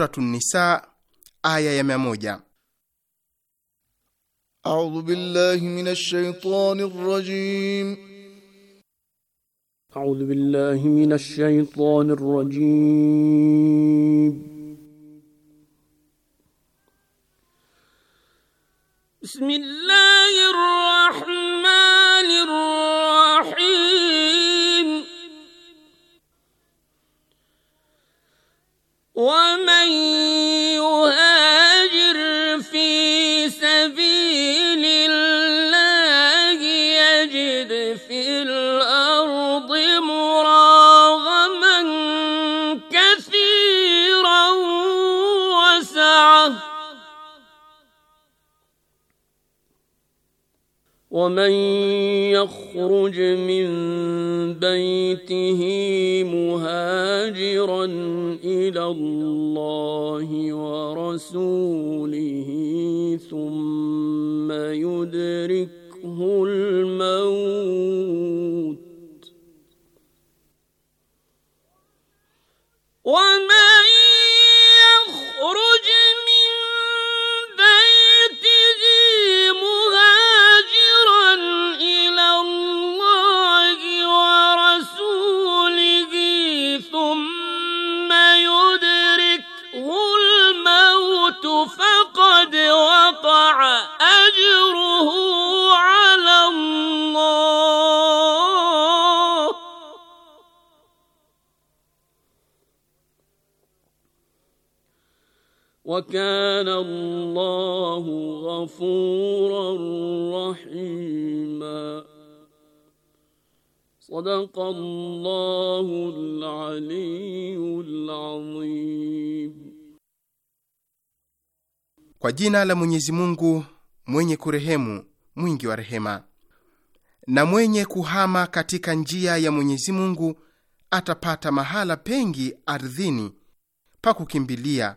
Suratu Nisa aya ya mia moja. A'udhu billahi minash shaitani rajim. A'udhu billahi minash shaitani rajim. يخرج من بيته مهاجرا الى الله ورسوله ثم يدركه الموت وما wa kana Allahu ghafuran rahima. Sadaqa Allahul Aliyyul Azim. Kwa jina la Mwenyezi Mungu mwenye kurehemu mwingi wa rehema. Na mwenye kuhama katika njia ya Mwenyezi Mungu atapata mahala pengi ardhini pa kukimbilia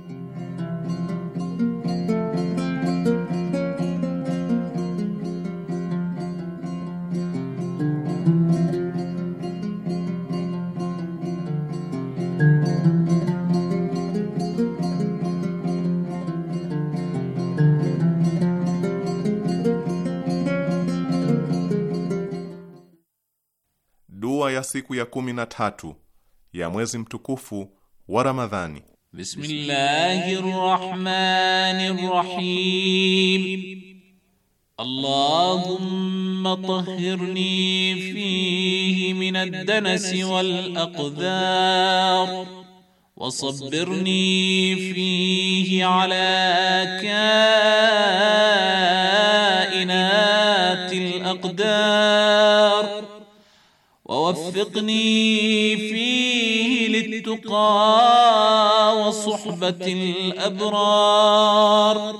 siku ya kumi na tatu ya mwezi mtukufu wa Ramadhani. Bismillahir Rahmanir Rahim. Allahumma tahhirni fihi min ad-danasi wal aqdhar wasabbirni fihi ala kainatil aqdar ووفقني فيه للتقى وصحبة الأبرار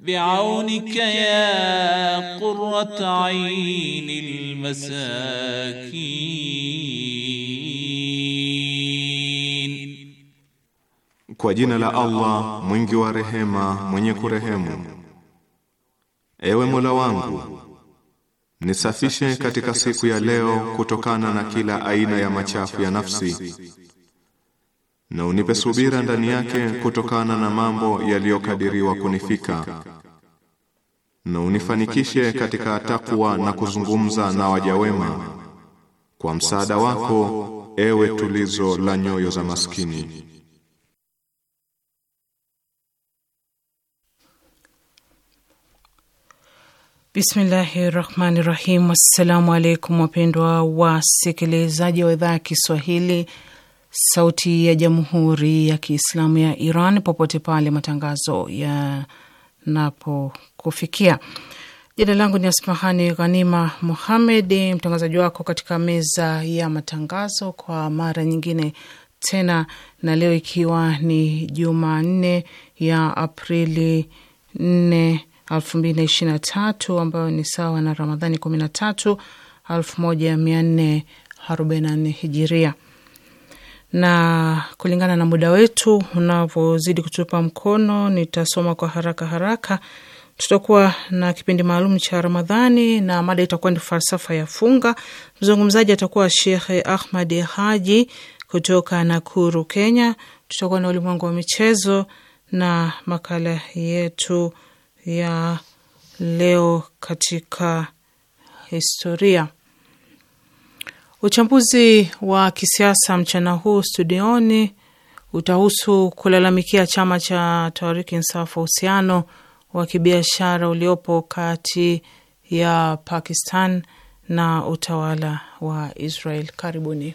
بعونك يا قرة عين المساكين kwa jina la Allah mwingi wa rehema mwenye kurehemu ewe Mola wangu Nisafishe katika siku ya leo kutokana na kila aina ya machafu ya nafsi, na unipe subira ndani yake kutokana na mambo yaliyokadiriwa kunifika, na unifanikishe katika takwa na kuzungumza na waja wema, kwa msaada wako, ewe tulizo la nyoyo za maskini. Bismillahi rahmani rahim. Assalamu alaikum wapendwa wasikilizaji wa idhaa ya Kiswahili sauti ya jamhuri ya Kiislamu ya Iran popote pale matangazo yanapokufikia. Jina langu ni Asmahani Ghanima Muhammed, mtangazaji wako katika meza ya matangazo kwa mara nyingine tena, na leo ikiwa ni Jumanne ya Aprili nne elfu mbili na ishirini na tatu ambayo ni sawa na Ramadhani kumi na tatu elfu moja mia nne arobaini na nne hijiria. Na kulingana na muda wetu unavyozidi kutupa mkono, nitasoma kwa haraka haraka. Tutakuwa na kipindi maalum cha Ramadhani na mada itakuwa ni falsafa ya funga. Mzungumzaji atakuwa Shekhe Ahmad Haji kutoka Nakuru, Kenya. Tutakuwa na ulimwengu wa michezo na makala yetu ya leo katika historia. Uchambuzi wa kisiasa mchana huu studioni utahusu kulalamikia chama cha Taariki Insafu wa uhusiano wa kibiashara uliopo kati ya Pakistan na utawala wa Israel. Karibuni.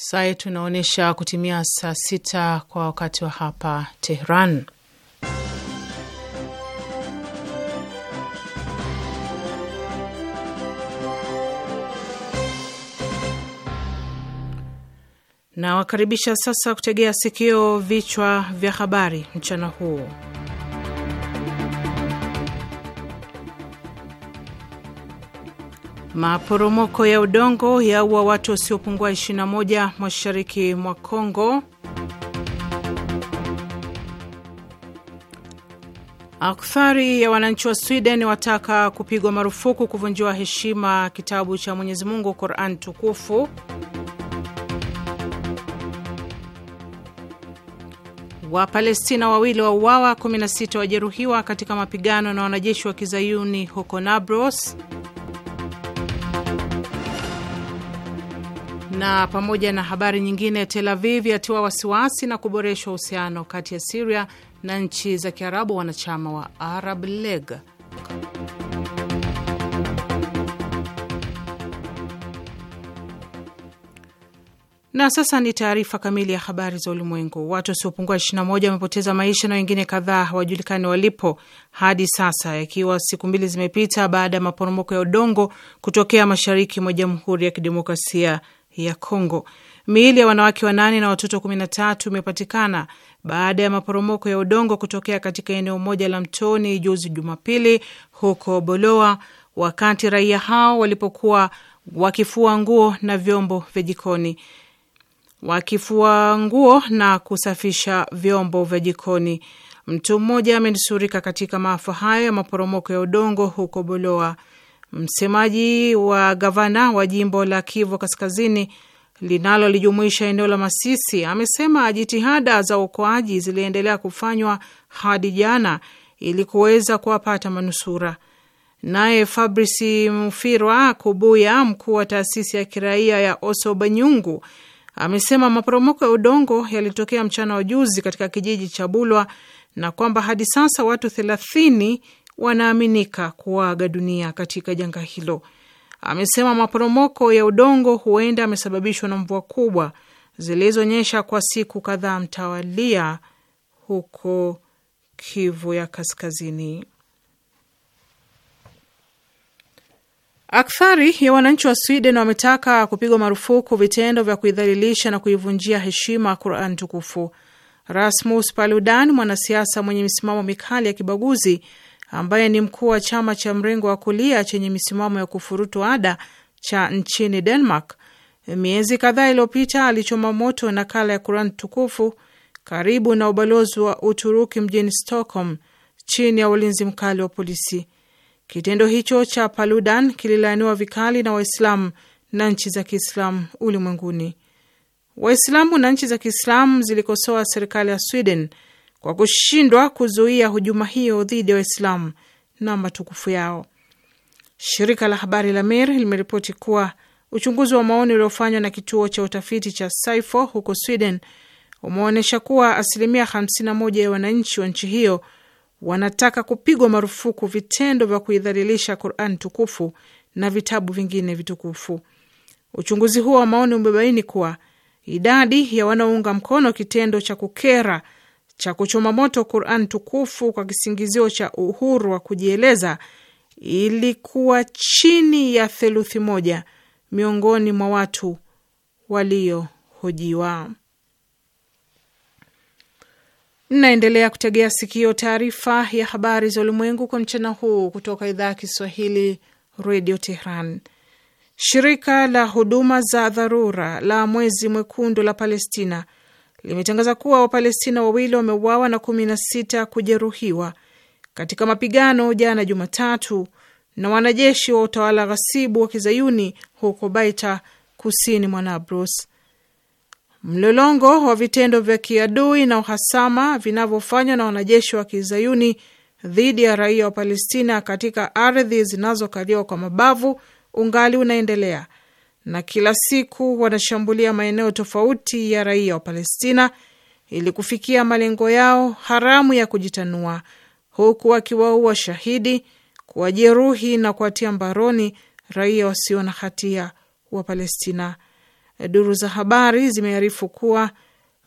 Saa yetu inaonyesha kutimia saa sita kwa wakati wa hapa Tehran. Nawakaribisha sasa kutegea sikio vichwa vya habari mchana huu. Maporomoko ya udongo yaua watu wasiopungua 21 mashariki mwa Kongo. Akthari ya wananchi wa Sweden wataka kupigwa marufuku kuvunjiwa heshima kitabu cha Mwenyezi Mungu Quran tukufu. Wapalestina wawili wa uawa 16 wajeruhiwa katika mapigano na wanajeshi wa kizayuni huko Nabros. na pamoja na habari nyingine, Tel Aviv yatiwa wasiwasi na kuboreshwa uhusiano kati ya Siria na nchi za Kiarabu wanachama wa Arab League. Na sasa ni taarifa kamili ya habari za ulimwengu. Watu wasiopungua 21 wamepoteza maisha na wengine kadhaa hawajulikani walipo hadi sasa, yakiwa siku mbili zimepita baada ya maporomoko ya udongo kutokea mashariki mwa Jamhuri ya Kidemokrasia ya Kongo. Miili ya wanawake wanane na watoto kumi na tatu imepatikana baada ya maporomoko ya udongo kutokea katika eneo moja la mtoni juzi Jumapili huko Boloa, wakati raia hao walipokuwa wakifua nguo na vyombo vya jikoni, wakifua nguo na kusafisha vyombo vya jikoni. Mtu mmoja amenusurika katika maafa hayo ya maporomoko ya udongo huko Boloa. Msemaji wa gavana wa jimbo la Kivu Kaskazini linalolijumuisha eneo la Masisi amesema jitihada za uokoaji ziliendelea kufanywa hadi jana ili kuweza kuwapata manusura. Naye fabrisi mfirwa Kubuya, mkuu wa taasisi ya kiraia ya Oso Banyungu, amesema maporomoko ya udongo yalitokea mchana wa juzi katika kijiji cha Bulwa na kwamba hadi sasa watu thelathini wanaaminika kuaga dunia katika janga hilo. Amesema maporomoko ya udongo huenda amesababishwa na mvua kubwa zilizonyesha kwa siku kadhaa mtawalia huko Kivu ya Kaskazini. Akthari ya wananchi wa Sweden wametaka kupigwa marufuku vitendo vya kuidhalilisha na kuivunjia heshima Quran tukufu. Rasmus Paludan, mwanasiasa mwenye misimamo mikali ya kibaguzi, ambaye ni mkuu wa chama cha mrengo wa kulia chenye misimamo ya kufurutu ada cha nchini Denmark, miezi kadhaa iliyopita alichoma moto nakala ya Kurani tukufu karibu na ubalozi wa Uturuki mjini Stockholm chini ya ulinzi mkali wa polisi. Kitendo hicho cha Paludan kililaaniwa vikali na Waislamu na nchi za Kiislamu ulimwenguni. Waislamu na nchi za Kiislamu zilikosoa serikali ya Sweden kwa kushindwa kuzuia hujuma hiyo dhidi ya Waislamu na matukufu yao. Shirika la habari la Mer limeripoti kuwa uchunguzi wa maoni uliofanywa na kituo cha utafiti cha SIFO huko Sweden umeonyesha kuwa asilimia 51 ya wananchi wa nchi hiyo wanataka kupigwa marufuku vitendo vya kuidhalilisha Quran tukufu na vitabu vingine vitukufu. Uchunguzi huo wa maoni umebaini kuwa idadi ya wanaounga mkono kitendo cha kukera cha kuchoma moto Quran tukufu kwa kisingizio cha uhuru wa kujieleza ilikuwa chini ya theluthi moja miongoni mwa watu waliohojiwa. Mnaendelea kutegea sikio taarifa ya habari za ulimwengu kwa mchana huu kutoka idhaa ya Kiswahili, Redio Tehran. Shirika la huduma za dharura la Mwezi Mwekundu la Palestina limetangaza kuwa Wapalestina wawili wameuawa na kumi na sita kujeruhiwa katika mapigano jana Jumatatu na wanajeshi wa utawala ghasibu wa kizayuni huko Baita, kusini mwa Nablus. Mlolongo wa vitendo vya kiadui na uhasama vinavyofanywa na wanajeshi wa kizayuni dhidi ya raia wa Palestina katika ardhi zinazokaliwa kwa mabavu ungali unaendelea na kila siku wanashambulia maeneo tofauti ya raia wa Palestina ili kufikia malengo yao haramu ya kujitanua, huku wakiwaua shahidi, kuwajeruhi na kuwatia mbaroni raia wasio na hatia wa Palestina. Duru za habari zimearifu kuwa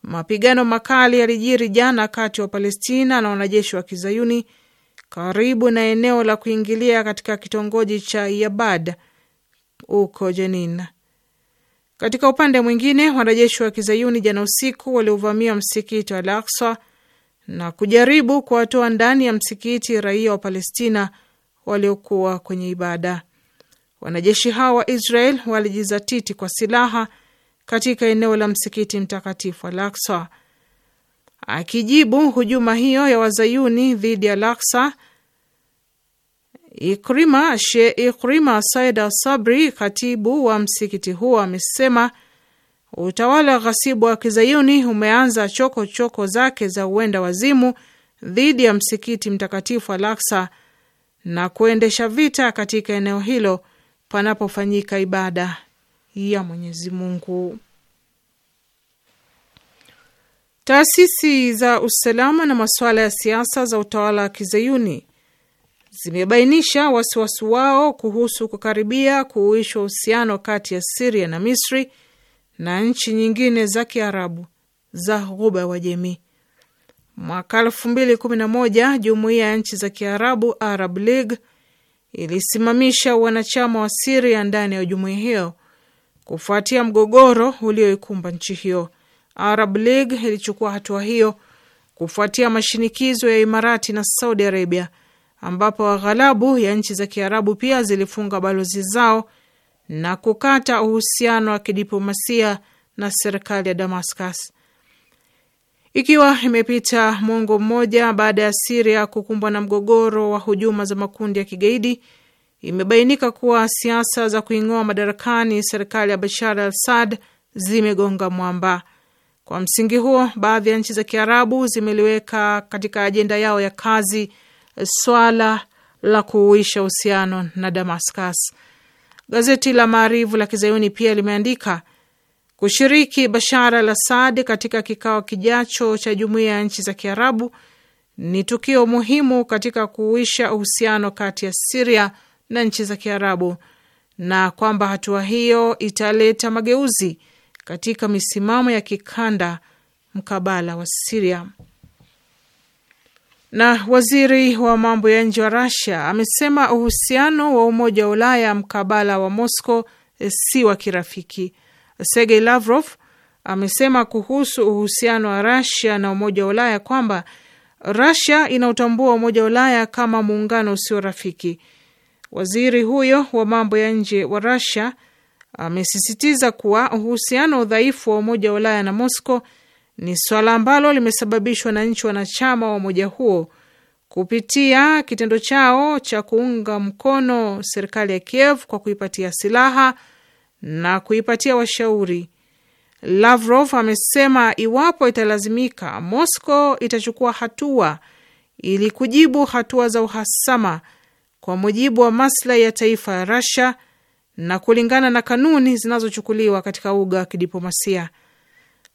mapigano makali yalijiri jana kati ya Wapalestina na wanajeshi wa Kizayuni karibu na eneo la kuingilia katika kitongoji cha Yabad huko Jenin. Katika upande mwingine, wanajeshi wa kizayuni jana usiku waliovamia msikiti wa Al-Aqsa na kujaribu kuwatoa ndani ya msikiti raia wa Palestina waliokuwa kwenye ibada. Wanajeshi hao wa Israel walijizatiti kwa silaha katika eneo la msikiti mtakatifu Al-Aqsa. Akijibu hujuma hiyo ya wazayuni dhidi ya Al-Aqsa, Ikrima She Ikrima Said al-Sabri, katibu wa msikiti huo, amesema utawala wa ghasibu wa kizayuni umeanza choko choko zake za uenda wazimu dhidi ya msikiti mtakatifu al na kuendesha vita katika eneo hilo panapofanyika ibada ya Mwenyezi Mungu. Taasisi za usalama na masuala ya siasa za utawala wa kizayuni zimebainisha wasiwasi wao kuhusu kukaribia kuuishwa uhusiano kati ya Siria na Misri na nchi nyingine za Kiarabu za Ghuba Wajemi. Mwaka moja jumuiya ya nchi za Kiarabu, Arab League, ilisimamisha wanachama wa Siria ndani ya jumuiya hiyo kufuatia mgogoro ulioikumba nchi hiyo. Arab League ilichukua hatua hiyo kufuatia mashinikizo ya Imarati na Saudi Arabia ambapo aghalabu ya nchi za Kiarabu pia zilifunga balozi zao na kukata uhusiano wa kidiplomasia na serikali ya Damascus. Ikiwa imepita mwongo mmoja baada ya Siria kukumbwa na mgogoro wa hujuma za makundi ya kigaidi, imebainika kuwa siasa za kuing'oa madarakani serikali ya Bashar al Assad zimegonga mwamba. Kwa msingi huo, baadhi ya nchi za Kiarabu zimeliweka katika ajenda yao ya kazi swala la kuuisha uhusiano na Damascus. Gazeti la Maarivu la kizayuni pia limeandika kushiriki Bashar al Assad katika kikao kijacho cha jumuiya ya nchi za Kiarabu ni tukio muhimu katika kuuisha uhusiano kati ya Siria na nchi za Kiarabu na kwamba hatua hiyo italeta mageuzi katika misimamo ya kikanda mkabala wa Siria. Na waziri wa mambo ya nje wa Russia amesema uhusiano wa Umoja wa Ulaya mkabala wa mosco eh, si wa kirafiki. Sergei Lavrov amesema kuhusu uhusiano wa rasia na Umoja wa Ulaya kwamba Rasia inautambua Umoja wa Ulaya kama muungano usio rafiki. Waziri huyo wa mambo ya nje wa Rasia amesisitiza kuwa uhusiano dhaifu wa Umoja wa Ulaya na Moscow ni swala ambalo limesababishwa na nchi wanachama wa umoja huo kupitia kitendo chao cha kuunga mkono serikali ya Kiev kwa kuipatia silaha na kuipatia washauri. Lavrov amesema iwapo italazimika, Moscow itachukua hatua ili kujibu hatua za uhasama kwa mujibu wa maslahi ya taifa ya Russia na kulingana na kanuni zinazochukuliwa katika uga wa kidiplomasia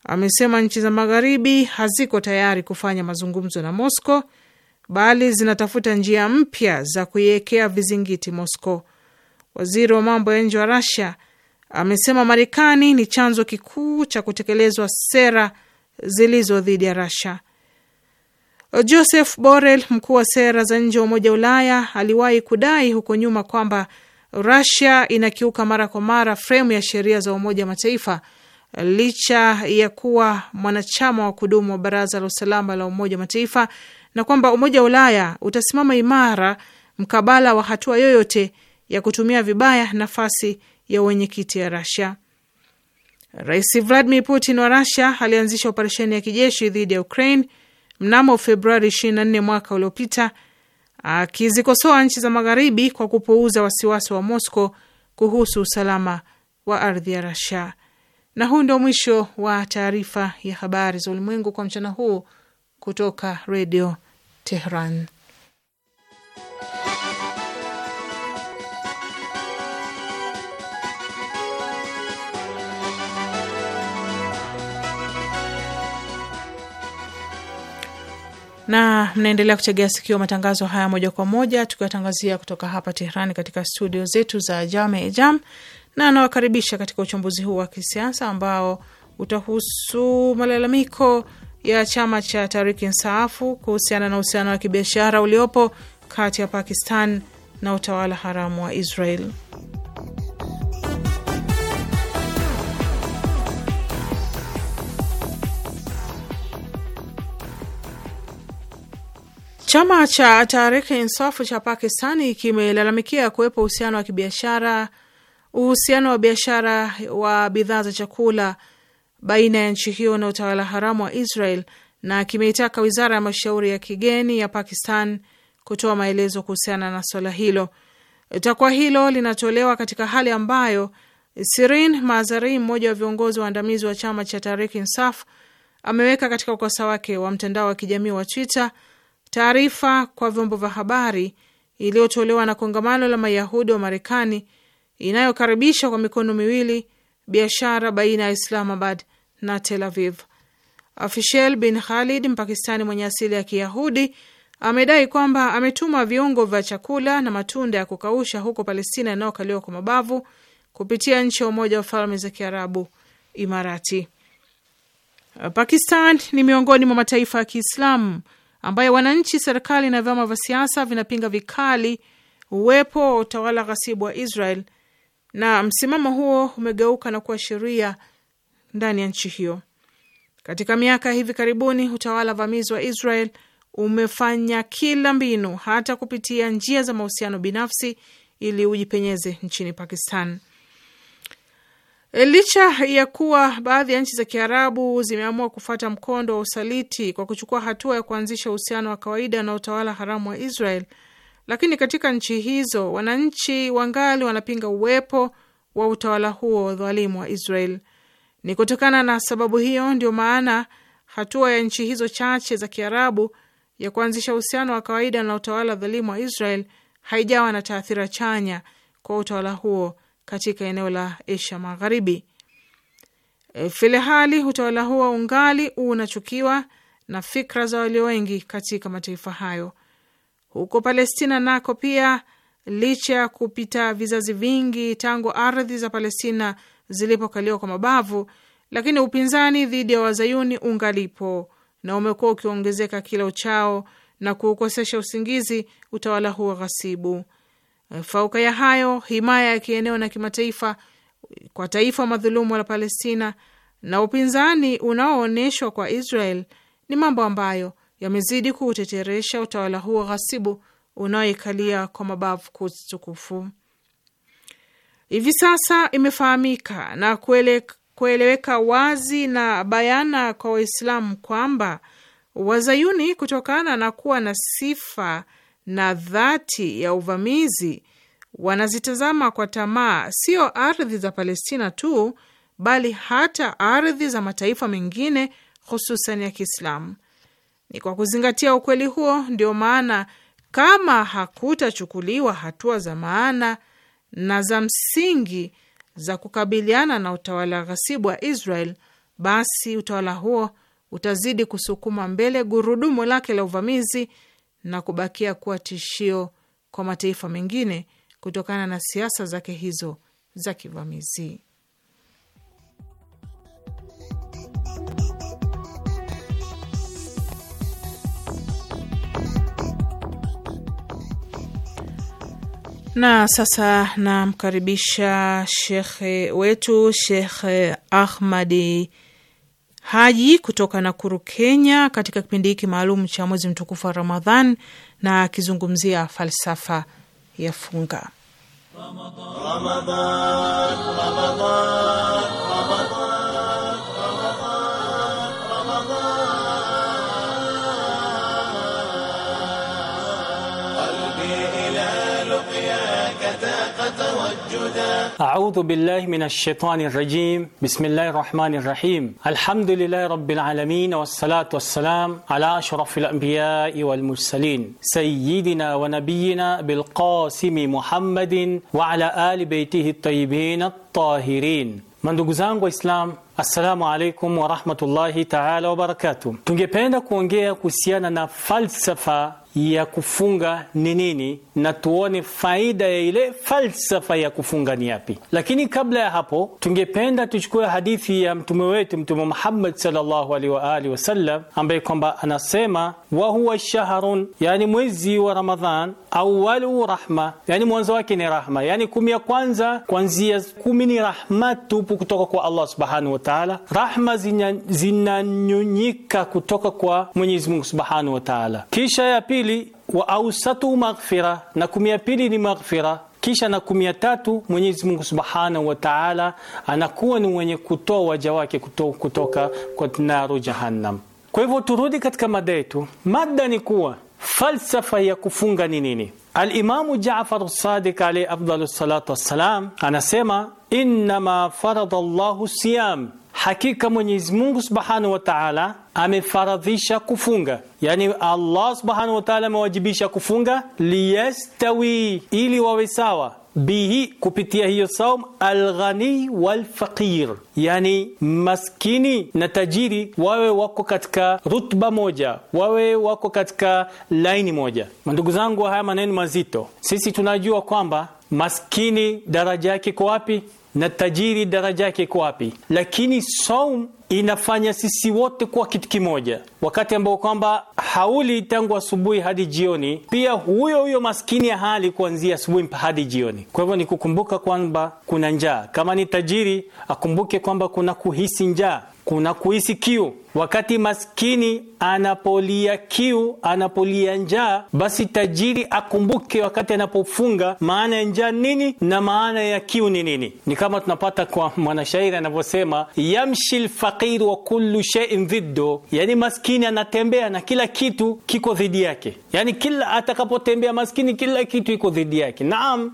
amesema nchi za magharibi haziko tayari kufanya mazungumzo na mosco bali zinatafuta njia mpya za kuiwekea vizingiti mosco Waziri wa mambo ya nje wa Rasia amesema Marekani ni chanzo kikuu cha kutekelezwa sera zilizo dhidi ya Russia. Joseph Borrell, mkuu wa sera za nje wa Umoja wa Ulaya, aliwahi kudai huko nyuma kwamba Rasia inakiuka mara kwa mara fremu ya sheria za Umoja wa Mataifa licha ya kuwa mwanachama wa kudumu wa Baraza la Usalama la Umoja wa Mataifa na kwamba Umoja wa Ulaya utasimama imara mkabala wa hatua yoyote ya kutumia vibaya nafasi ya uwenyekiti ya Rasia. Rais Vladimir Putin wa Rasia alianzisha operesheni ya kijeshi dhidi ya Ukraine mnamo Februari 24 mwaka uliopita, akizikosoa nchi za Magharibi kwa kupuuza wasiwasi wa Moscow kuhusu usalama wa ardhi ya Rasia. Na huu ndio mwisho wa taarifa ya habari za ulimwengu kwa mchana huu kutoka Redio Tehran. na mnaendelea kutegea sikio matangazo haya moja kwa moja tukiwatangazia kutoka hapa Tehrani katika studio zetu za Jame Jam na anawakaribisha katika uchambuzi huu wa kisiasa ambao utahusu malalamiko ya chama cha Tariki Insaafu kuhusiana na uhusiano wa kibiashara uliopo kati ya Pakistan na utawala haramu wa Israel. Chama cha Tahriki nsafu cha Pakistani kimelalamikia kuwepo uhusiano wa kibiashara Uhusiano wa biashara wa bidhaa za chakula baina ya nchi hiyo na utawala haramu wa Israel, na kimeitaka wizara ya mashauri ya kigeni ya Pakistan kutoa maelezo kuhusiana na swala hilo. Takwa hilo linatolewa katika hali ambayo Sirin Mazari, mmoja wa viongozi waandamizi wa chama cha Tarik Insaf, ameweka katika ukurasa wake wa mtandao wa kijamii wa Twitter taarifa kwa vyombo vya habari iliyotolewa na kongamano la Mayahudi wa Marekani inayokaribisha kwa mikono miwili biashara baina ya Islamabad na Tel Aviv. afishel bin Khalid, Mpakistani mwenye asili ya Kiyahudi, amedai kwamba ametuma viungo vya chakula na matunda ya kukausha huko Palestina inayokaliwa kwa mabavu kupitia nchi ya Umoja wa Falme za Kiarabu, Imarati. Pakistan ni miongoni mwa mataifa ya Kiislamu ambayo wananchi, serikali na vyama vya siasa vinapinga vikali uwepo wa utawala ghasibu wa Israel na msimamo huo umegeuka na kuwa sheria ndani ya nchi hiyo. Katika miaka hivi karibuni, utawala vamizi wa Israel umefanya kila mbinu, hata kupitia njia za mahusiano binafsi, ili ujipenyeze nchini Pakistan. Licha ya kuwa baadhi ya nchi za Kiarabu zimeamua kufuata mkondo wa usaliti kwa kuchukua hatua ya kuanzisha uhusiano wa kawaida na utawala haramu wa Israel, lakini katika nchi hizo wananchi wangali wanapinga uwepo wa utawala huo dhalimu wa Israel. Ni kutokana na sababu hiyo ndio maana hatua ya nchi hizo chache za Kiarabu ya kuanzisha uhusiano wa kawaida na utawala dhalimu wa Israel haijawa na taathira chanya kwa utawala huo katika eneo la Asia Magharibi. E, filehali utawala huo ungali unachukiwa na fikra za walio wengi katika mataifa hayo. Huko Palestina nako pia, licha ya kupita vizazi vingi tangu ardhi za Palestina zilipokaliwa kwa mabavu, lakini upinzani dhidi ya wazayuni ungalipo na umekuwa ukiongezeka kila uchao na kuukosesha usingizi utawala huo ghasibu. Fauka ya hayo, himaya ya kieneo na kimataifa kwa taifa madhulumu la Palestina na upinzani unaoonyeshwa kwa Israel ni mambo ambayo yamezidi kuuteteresha utawala huo ghasibu unaoikalia kwa mabavu kutukufu tukufu. Hivi sasa imefahamika na kuele, kueleweka wazi na bayana kwa Waislamu kwamba Wazayuni kutokana na kuwa na sifa na dhati ya uvamizi wanazitazama kwa tamaa sio ardhi za Palestina tu bali hata ardhi za mataifa mengine hususan ya Kiislamu ni kwa kuzingatia ukweli huo ndio maana kama hakutachukuliwa hatua za maana na za msingi za kukabiliana na utawala ghasibu wa Israel, basi utawala huo utazidi kusukuma mbele gurudumu lake la uvamizi na kubakia kuwa tishio kwa mataifa mengine kutokana na siasa zake hizo za kivamizi. Na sasa namkaribisha shekhe wetu Shekhe Ahmadi Haji kutoka Nakuru, Kenya, katika kipindi hiki maalum cha mwezi mtukufu wa Ramadhan na akizungumzia falsafa ya funga Ramadan, Ramadan, Ramadan. أعوذ بالله من الشيطان الرجيم بسم الله الرحمن الرحيم الحمد لله رب العالمين والصلاة والسلام على أشرف الأنبياء والمرسلين سيدنا ونبينا بالقاسم محمد وعلى آل بيته الطيبين الطاهرين Mandugu وإسلام السلام عليكم ورحمة الله تعالى وبركاته تنجي kuongea kuhusiana na فلسفة ya kufunga ni nini na tuone faida ya ile falsafa ya kufunga ni yapi. Lakini kabla ya hapo, tungependa tuchukue hadithi ya mtume wetu Mtume Muhammad sallallahu alaihi wa alihi wasallam, ambaye kwamba anasema wa huwa shahrun, yani mwezi wa Ramadhan, awwalu rahma, yani mwanzo wake ni rahma, yani kumi ya kwanza kuanzia kumi ni rahma tupu kutoka kwa Allah subhanahu wa ta'ala. Rahma zinanyunyika kutoka kwa Mwenyezi Mungu subhanahu wa ta'ala. Kisha ya pili wa ausatu maghfira, na kumi ya pili ni maghfira. Kisha na kumi ya tatu Mwenyezi Mungu Subhanahu wa Ta'ala anakuwa ni mwenye kutoa waja wake kutoka kwa naru Jahannam. Kwa hivyo turudi katika mada yetu. Mada ni kuwa falsafa ya kufunga ni nini? Alimamu Jaafar Sadiq alayhi afdalu salatu wassalam anasema, innama farada siyam Hakika Mwenyezi Mungu Subhanahu wa Ta'ala amefaradhisha kufunga, yani Allah Subhanahu wa Ta'ala amewajibisha kufunga liyastawi, ili wawe sawa bihi kupitia hiyo saum alghani walfaqir, yani maskini na tajiri wawe wako katika rutba moja, wawe wako katika laini moja. Ndugu zangu, haya maneno mazito, sisi tunajua kwamba maskini daraja yake iko wapi? na tajiri daraja yake iko wapi. Lakini saum inafanya sisi wote kuwa kitu kimoja, wakati ambao kwamba hauli tangu asubuhi hadi jioni, pia huyo huyo maskini ya hali kuanzia asubuhi hadi jioni. Kwa hivyo ni kukumbuka kwamba kuna njaa. Kama ni tajiri akumbuke kwamba kuna kuhisi njaa, kuna kuhisi kiu, wakati maskini anapolia kiu, anapolia njaa, basi tajiri akumbuke wakati anapofunga maana ya njaa nini na maana ya kiu ni nini. Ni kama tunapata kwa mwanashairi anavyosema, yamshi lfaqir wa kullu shein dhiddo, yani maskini anatembea na kila kitu kiko dhidi yake, yani kila atakapotembea maskini kila kitu iko dhidi yake. Naam,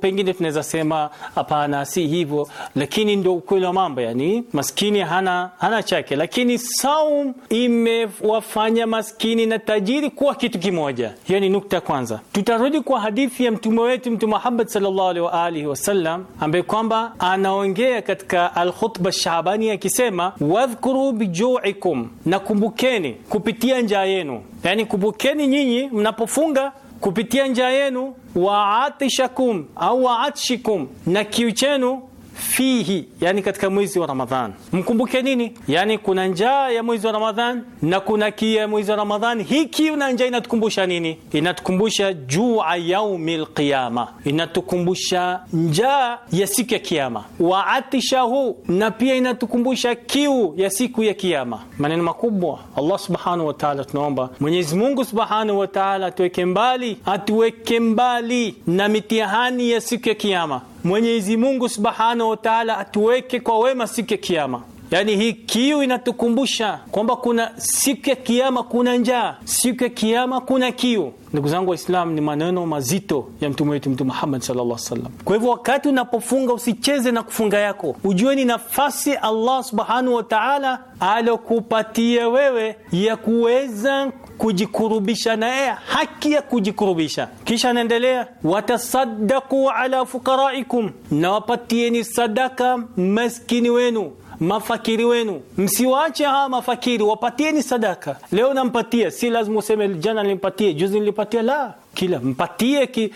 pengine tunaweza sema hapana, si hivyo, lakini ndo ukweli wa mambo. Yani maskini hana, hana chake, lakini saum ime imewafanya maskini na tajiri kuwa kitu kimoja. Hiyo ni nukta ya kwanza. Tutarudi kwa hadithi ya mtume wetu Mtume Muhammad sallallahu alaihi wa alihi wasallam, ambaye kwamba anaongea katika Alkhutba Shaabani akisema, wadhkuru bijuikum, nakumbukeni kupitia njaa yenu, yani kumbukeni nyinyi mnapofunga kupitia njaa yenu, waatishakum au waatshikum, na kiu chenu fihi, yani katika mwezi wa Ramadhan. Mkumbuke nini? Yani kuna njaa ya mwezi wa Ramadhan na kuna kiu ya mwezi wa Ramadhan. Hii kiu na njaa inatukumbusha nini? Inatukumbusha jua yaumi qiyama, inatukumbusha njaa ya siku ya Kiyama, wa atishahu, na pia inatukumbusha kiu ya siku ya Kiyama. Maneno makubwa. Allah subhanahu wa ta'ala, tunaomba Mwenyezi Mungu subhanahu wa ta'ala atuweke mbali, atuweke mbali na mitihani ya siku ya Kiyama. Mwenyezi Mungu Subhanahu wa Ta'ala atuweke kwa wema siku ya Kiama. Yaani hii kiu inatukumbusha kwamba kuna siku ya kiama, kuna njaa, siku ya kiama kuna kiu. Ndugu zangu Waislamu, ni maneno mazito ya mtume wetu Mtume Muhammad sallallahu alaihi wasallam. Kwa hivyo, wakati unapofunga usicheze na kufunga yako, ujue ni nafasi Allah subhanahu wa taala alokupatia wewe ya kuweza kujikurubisha naye, haki ya kujikurubisha. Kisha anaendelea, watasadaku ala fuqaraikum, na wapatieni sadaka maskini wenu mafakiri wenu, msiwaache hawa mafakiri, wapatieni sadaka. Leo nampatia, si lazima useme jana nilimpatie, juzi nilipatia, la kila mpatie ki,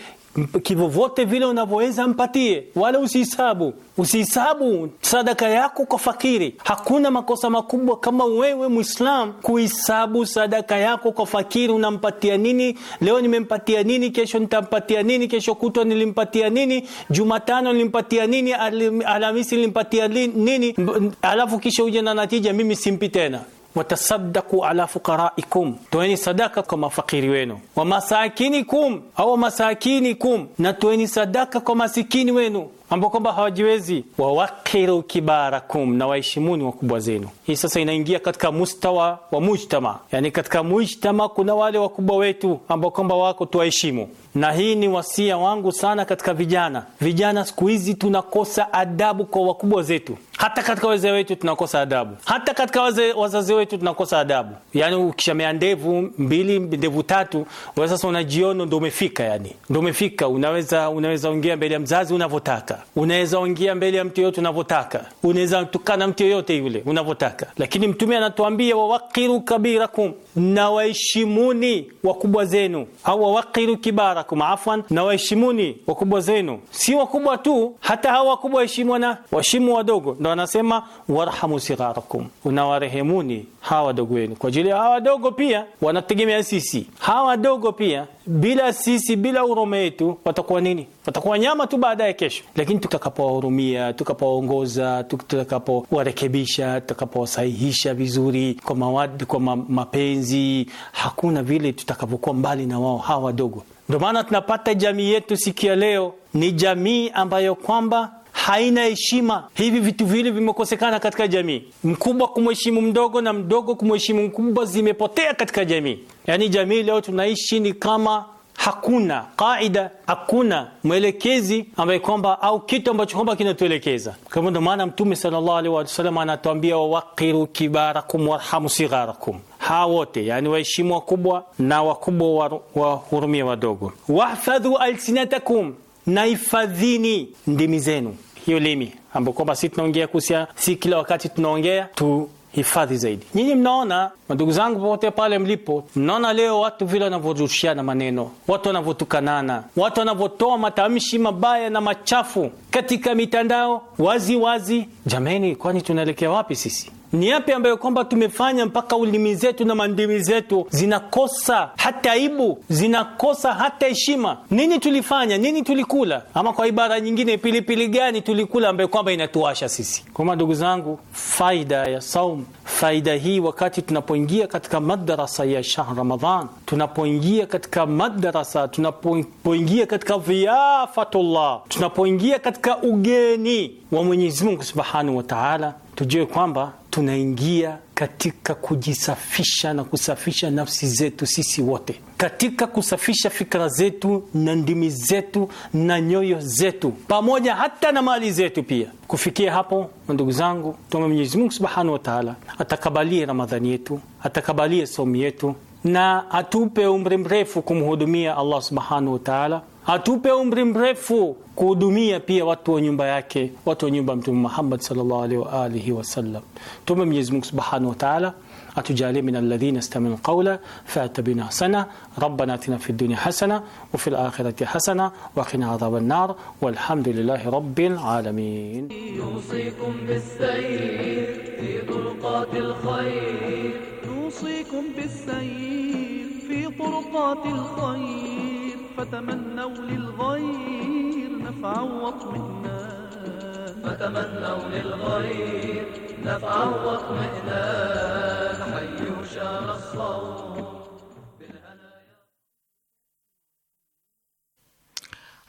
vyote vile unavyoweza mpatie, wala usihesabu usihesabu sadaka yako kwa fakiri. Hakuna makosa makubwa kama wewe mwislam kuhesabu sadaka yako kwa fakiri. Unampatia nini leo? Nimempatia nini? Kesho nitampatia nini? Kesho kutwa nilimpatia nini? Jumatano nilimpatia nini? Alhamisi nilimpatia nini? Alafu kisha uje na natija, mimi simpi tena watasaddaku ala fuqaraikum, toeni sadaka kwa mafakiri wenu. Wa masakinikum au masakinikum, na toeni sadaka kwa masikini wenu ambao kwamba hawajiwezi. Wawakiru kibarakum, na waheshimuni wakubwa zenu. Hii sasa inaingia katika mustawa wa mujtama, yani katika mujtama kuna wale wakubwa wetu ambao kwamba wako tuwaheshimu, na hii ni wasia wangu sana katika vijana. Vijana siku hizi tunakosa adabu kwa wakubwa zetu hata katika wazee wetu tunakosa adabu, hata katika waze, wazazi wetu tunakosa adabu. Yani ukishamea ndevu mbili ndevu tatu, wewe sasa unajiona ndo umefika, yani ndo umefika. Unaweza unaweza ongea mbele ya mzazi unavyotaka, unaweza ongea mbele ya mtu yoyote unavyotaka, unaweza tukana mtu yoyote yule unavyotaka, lakini Mtume anatuambia wawakiru kabirakum, na waheshimuni wakubwa zenu, au wawakiru kibarakum afwan, na waheshimuni wakubwa zenu. Si wakubwa tu, hata hawa wakubwa waheshimwana, waheshimu wadogo ndo anasema warhamu sigharakum, unawarehemuni hawa wadogo wenu. Kwa ajili ya hawa wadogo pia wanategemea sisi, hawa wadogo pia bila sisi, bila huruma yetu watakuwa nini? Watakuwa nyama tu baadaye kesho. Lakini tutakapowahurumia, tukapowaongoza, tutakapowarekebisha, tutakapowasahihisha vizuri kwa mawadi, kwa mapenzi, hakuna vile tutakavyokuwa mbali na wao hawa wadogo. Ndio maana tunapata jamii yetu siku ya leo ni jamii ambayo kwamba haina heshima. Hivi vitu vile vimekosekana katika jamii, mkubwa kumheshimu mdogo na mdogo kumheshimu mkubwa, zimepotea katika jamii. Yaani jamii leo tunaishi ni kama hakuna kaida, hakuna mwelekezi ambaye kwamba au kitu ambacho kwamba kinatuelekeza. Kwa hivyo maana Mtume sallallahu alaihi wasallam anatuambia wawaqiru kibarakum warhamu sigharakum, hawa wote yani waheshimu wakubwa na wakubwa wahurumia wadogo. Wahfadhu alsinatakum na hifadhini ndimi zenu. Hiyo limi ambayo kwamba si tunaongea kuhusia, si kila wakati tunaongea tu hifadhi zaidi. Nyinyi mnaona, ndugu zangu, popote pale mlipo, mnaona leo watu vile wanavyorushiana maneno, watu wanavyotukanana, watu wanavyotoa matamshi mabaya na machafu katika mitandao waziwazi Jameni, kwani tunaelekea wapi sisi? ni yapi ambayo kwamba tumefanya mpaka ulimi zetu na mandimi zetu zinakosa hata aibu, zinakosa hata heshima? Nini tulifanya? Nini tulikula? Ama kwa ibara nyingine, pilipili gani tulikula ambayo kwamba inatuasha sisi? Kwa ndugu zangu, faida ya saum, faida hii, wakati tunapoingia katika madarasa ya shahr Ramadhan, tunapoingia katika madarasa, tunapoingia katika viafatullah, tunapoingia katika ugeni wa Mwenyezi Mungu subhanahu wa taala tujue kwamba tunaingia katika kujisafisha na kusafisha nafsi zetu sisi wote, katika kusafisha fikra zetu na ndimi zetu na nyoyo zetu, pamoja hata na mali zetu pia. Kufikia hapo, ndugu zangu, tuombe Mwenyezi Mungu Subhanahu wa Ta'ala atakabalie Ramadhani yetu, atakabalie somu yetu na atupe umri mrefu kumhudumia Allah Subhanahu wa Ta'ala. atupe umri mrefu kuhudumia pia watu wa nyumba yake, watu wa nyumba Mtume Muhammad sallallahu alaihi wa alihi wasallam. Tume Mwenyezi Mungu Subhanahu wa Ta'ala atujalie min alladhina istami'u qawla fatabina hasana rabbana atina fi dunya hasana wa fil akhirati hasana wa qina adhaban nar walhamdulillahi rabbil alamin. Yusikum bis-sayr fi turqatil khair. Yusikum bis-sayr fi turqatil khair. فتمنوا للغير نفعا واطمئنانا فتمنوا للغير نفعا واطمئنانا حيوا شعر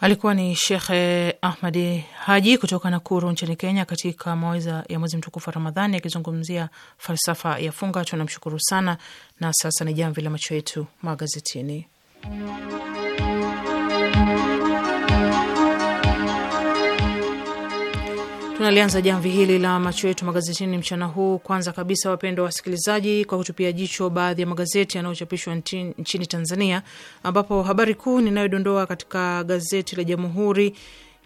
Alikuwa ni Shekhe Ahmadi Haji kutoka Nakuru nchini Kenya, katika maweza ya mwezi mtukufu wa Ramadhani akizungumzia falsafa ya funga. Tunamshukuru sana, na sasa ni jamvi la macho yetu magazetini. Tunalianza jamvi hili la macho yetu magazetini mchana huu, kwanza kabisa, wapendwa wasikilizaji, kwa kutupia jicho baadhi ya magazeti yanayochapishwa nchini Tanzania, ambapo habari kuu ninayodondoa katika gazeti la Jamhuri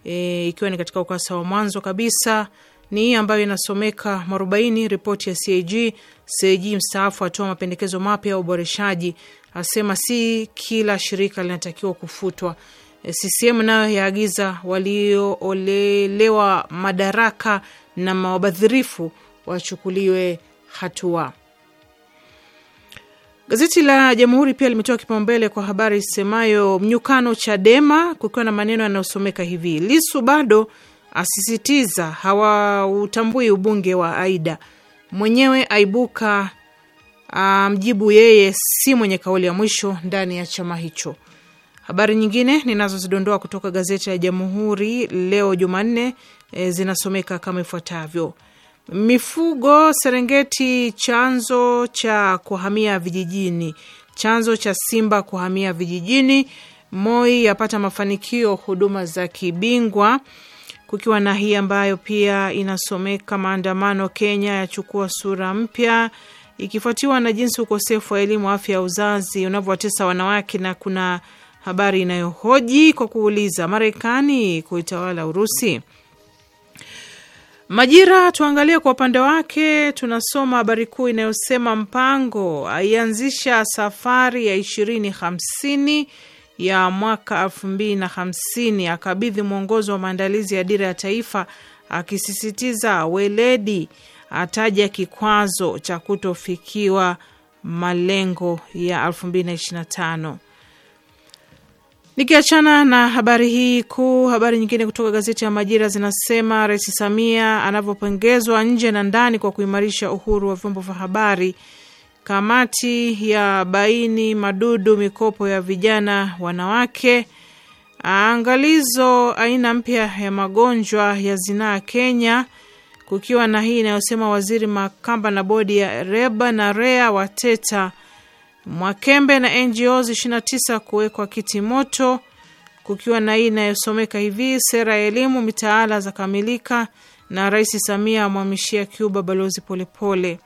e, ikiwa ni katika ukurasa wa mwanzo kabisa ni hii ambayo inasomeka mwarobaini ripoti ya CAG. CAG mstaafu atoa mapendekezo mapya ya uboreshaji, asema si kila shirika linatakiwa kufutwa E, CCM nayo yaagiza walioolelewa madaraka na mawabadhirifu wachukuliwe hatua. Gazeti la Jamhuri pia limetoa kipaumbele kwa habari isemayo mnyukano Chadema, kukiwa na maneno yanayosomeka hivi: Lisu bado asisitiza hawautambui ubunge wa Aida, mwenyewe aibuka ah, mjibu um, yeye si mwenye kauli ya mwisho ndani ya chama hicho. Habari nyingine ninazozidondoa kutoka gazeti la Jamhuri leo Jumanne e, zinasomeka kama ifuatavyo: mifugo Serengeti chanzo cha kuhamia vijijini, chanzo cha simba kuhamia vijijini. Moi yapata mafanikio huduma za kibingwa, kukiwa na hii ambayo pia inasomeka maandamano Kenya yachukua sura mpya, ikifuatiwa na jinsi ukosefu wa elimu afya ya uzazi unavyowatesa wanawake na kuna habari inayohoji kwa kuuliza Marekani kuitawala Urusi. Majira tuangalie kwa upande wake, tunasoma habari kuu inayosema mpango aianzisha safari ya ishirini hamsini ya mwaka elfu mbili na hamsini akabidhi mwongozo wa maandalizi ya dira ya taifa, akisisitiza weledi, ataja kikwazo cha kutofikiwa malengo ya elfu mbili na ishirini na tano. Nikiachana na habari hii kuu, habari nyingine kutoka gazeti ya Majira zinasema Rais Samia anavyopongezwa nje na ndani kwa kuimarisha uhuru wa vyombo vya habari. Kamati ya baini madudu mikopo ya vijana wanawake. Angalizo aina mpya ya magonjwa ya zinaa Kenya, kukiwa na hii inayosema waziri Makamba na bodi ya Reba na Rea wateta Mwakembe na NGOs 29 kuwekwa kiti moto, kukiwa na hii inayosomeka hivi: sera ya elimu mitaala za kamilika, na Rais Samia amwamishia Cuba Balozi Polepole.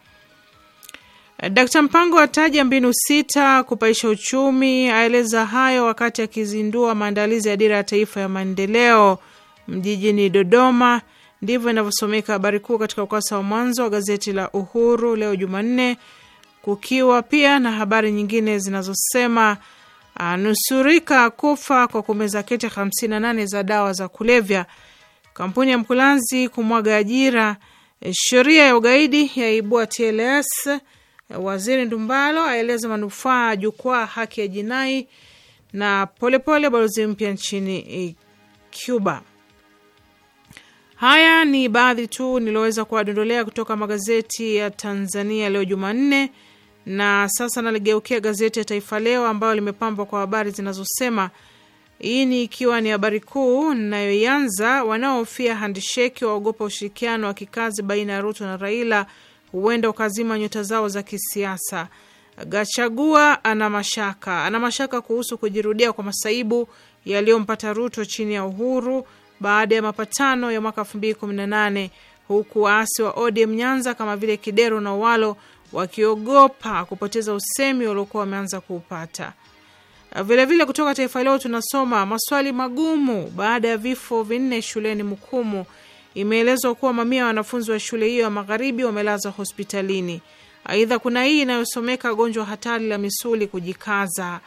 Dkt Mpango ataja mbinu sita kupaisha uchumi. Aeleza hayo wakati akizindua maandalizi ya dira ya taifa ya maendeleo mjijini Dodoma. Ndivyo inavyosomeka habari kuu katika ukurasa wa mwanzo wa gazeti la Uhuru leo Jumanne kukiwa pia na habari nyingine zinazosema anusurika ah, kufa kwa kumeza kete 58 za dawa za kulevya, kampuni ya Mkulanzi kumwaga ajira, eh, sheria ya ugaidi yaibua TLS, eh, waziri Ndumbalo aeleza manufaa jukwaa haki ya jinai, na polepole balozi mpya nchini eh, Cuba. Haya ni baadhi tu nililoweza kuwadondolea kutoka magazeti ya Tanzania leo Jumanne. Na sasa naligeukia gazeti ya Taifa Leo ambayo limepambwa kwa habari zinazosema hii ni ikiwa ni habari kuu inayoianza, wanaohofia handisheki waogopa ushirikiano wa kikazi baina ya Ruto na Raila huenda ukazima nyota zao za kisiasa. Gachagua ana mashaka, ana mashaka kuhusu kujirudia kwa masaibu yaliyompata Ruto chini ya Uhuru baada ya mapatano ya mwaka 2018 huku waasi wa ODM Nyanza kama vile Kidero na Owalo wakiogopa kupoteza usemi waliokuwa wameanza kuupata. Vilevile uh, kutoka Taifa Leo tunasoma maswali magumu baada ya vifo vinne shuleni Mukumu. Imeelezwa kuwa mamia ya wanafunzi wa shule hiyo ya magharibi wamelazwa hospitalini. Aidha, kuna hii inayosomeka gonjwa hatari la misuli kujikaza,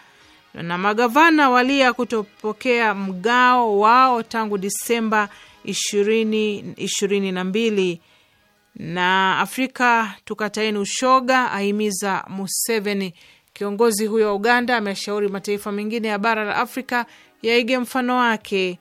na magavana walia kutopokea mgao wao tangu Disemba na mbili na Afrika tukataini ushoga, ahimiza Museveni. Kiongozi huyo wa Uganda ameshauri mataifa mengine ya bara la Afrika yaige mfano wake.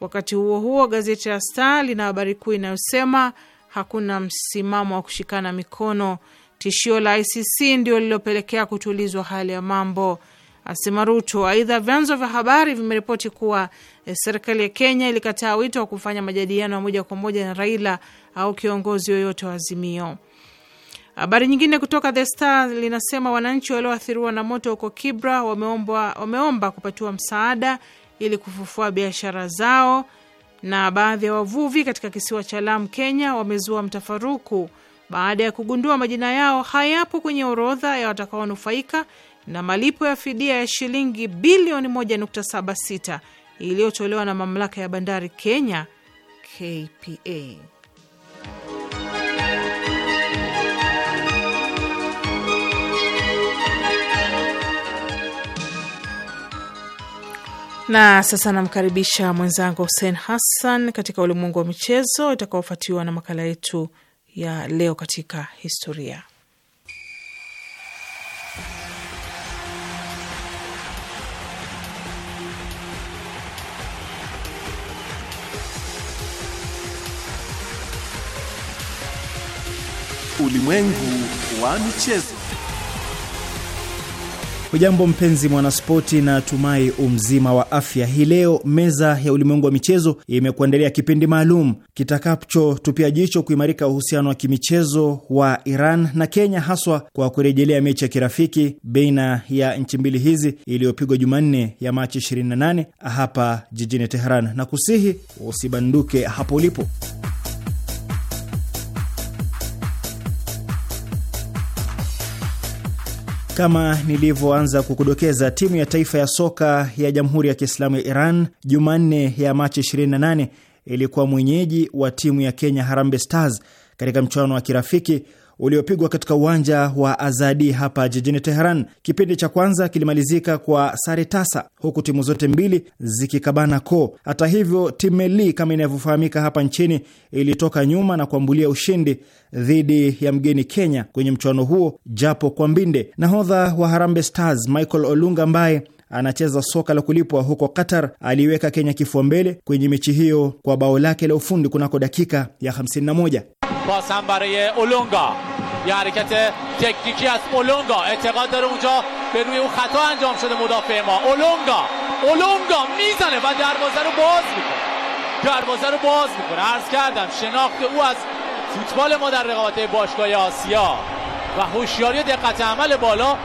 Wakati huo huo, gazeti la Star lina habari kuu inayosema hakuna msimamo wa kushikana mikono, tishio la ICC ndio lililopelekea kutulizwa hali ya mambo asema Ruto. Aidha, vyanzo vya habari vimeripoti kuwa eh, serikali ya Kenya ilikataa wito wa kufanya majadiliano ya moja kwa moja na Raila au kiongozi yoyote wa Azimio. Habari nyingine kutoka The Star linasema wananchi walioathiriwa na moto huko Kibra wameomba, wameomba kupatiwa msaada ili kufufua biashara zao, na baadhi ya wavuvi katika kisiwa cha Lamu, Kenya, wamezua mtafaruku baada ya kugundua majina yao hayapo kwenye orodha ya watakaonufaika na malipo ya fidia ya shilingi bilioni 1.76 iliyotolewa na mamlaka ya bandari Kenya KPA. Na sasa namkaribisha mwenzangu Hussein Hassan katika ulimwengu wa michezo itakaofuatiwa na makala yetu ya leo katika historia. ulimwengu wa michezo. Hujambo mpenzi mwanaspoti, na tumai umzima wa afya. Hii leo meza ya ulimwengu wa michezo imekuandalia kipindi maalum kitakachotupia jicho kuimarika uhusiano wa kimichezo wa Iran na Kenya, haswa kwa kurejelea mechi ya kirafiki baina ya nchi mbili hizi iliyopigwa Jumanne ya Machi 28 hapa jijini Teheran, na kusihi usibanduke hapo ulipo. Kama nilivyoanza kukudokeza, timu ya taifa ya soka ya Jamhuri ya Kiislamu ya Iran Jumanne ya Machi 28 ilikuwa mwenyeji wa timu ya Kenya Harambee Stars katika mchuano wa kirafiki uliopigwa katika uwanja wa Azadi hapa jijini Teheran. Kipindi cha kwanza kilimalizika kwa sare tasa, huku timu zote mbili zikikabana koo. Hata hivyo, timu Meli kama inavyofahamika hapa nchini ilitoka nyuma na kuambulia ushindi dhidi ya mgeni Kenya kwenye mchuano huo, japo kwa mbinde. Nahodha wa harambe Stars Michael Olunga ambaye anacheza soka la kulipwa huko Qatar aliiweka Kenya kifua mbele kwenye mechi hiyo kwa bao lake la ufundi kunako dakika ya 51. پاس هم برای اولونگا یه حرکت تکنیکی از اولونگا اعتقاد داره اونجا به روی اون خطا انجام شده مدافع ما اولونگا اولونگا میزنه و دروازه رو باز میکنه دروازه رو باز میکنه عرض کردم شناخت او از فوتبال ما در رقابت باشگاه آسیا و هوشیاری دقت عمل بالا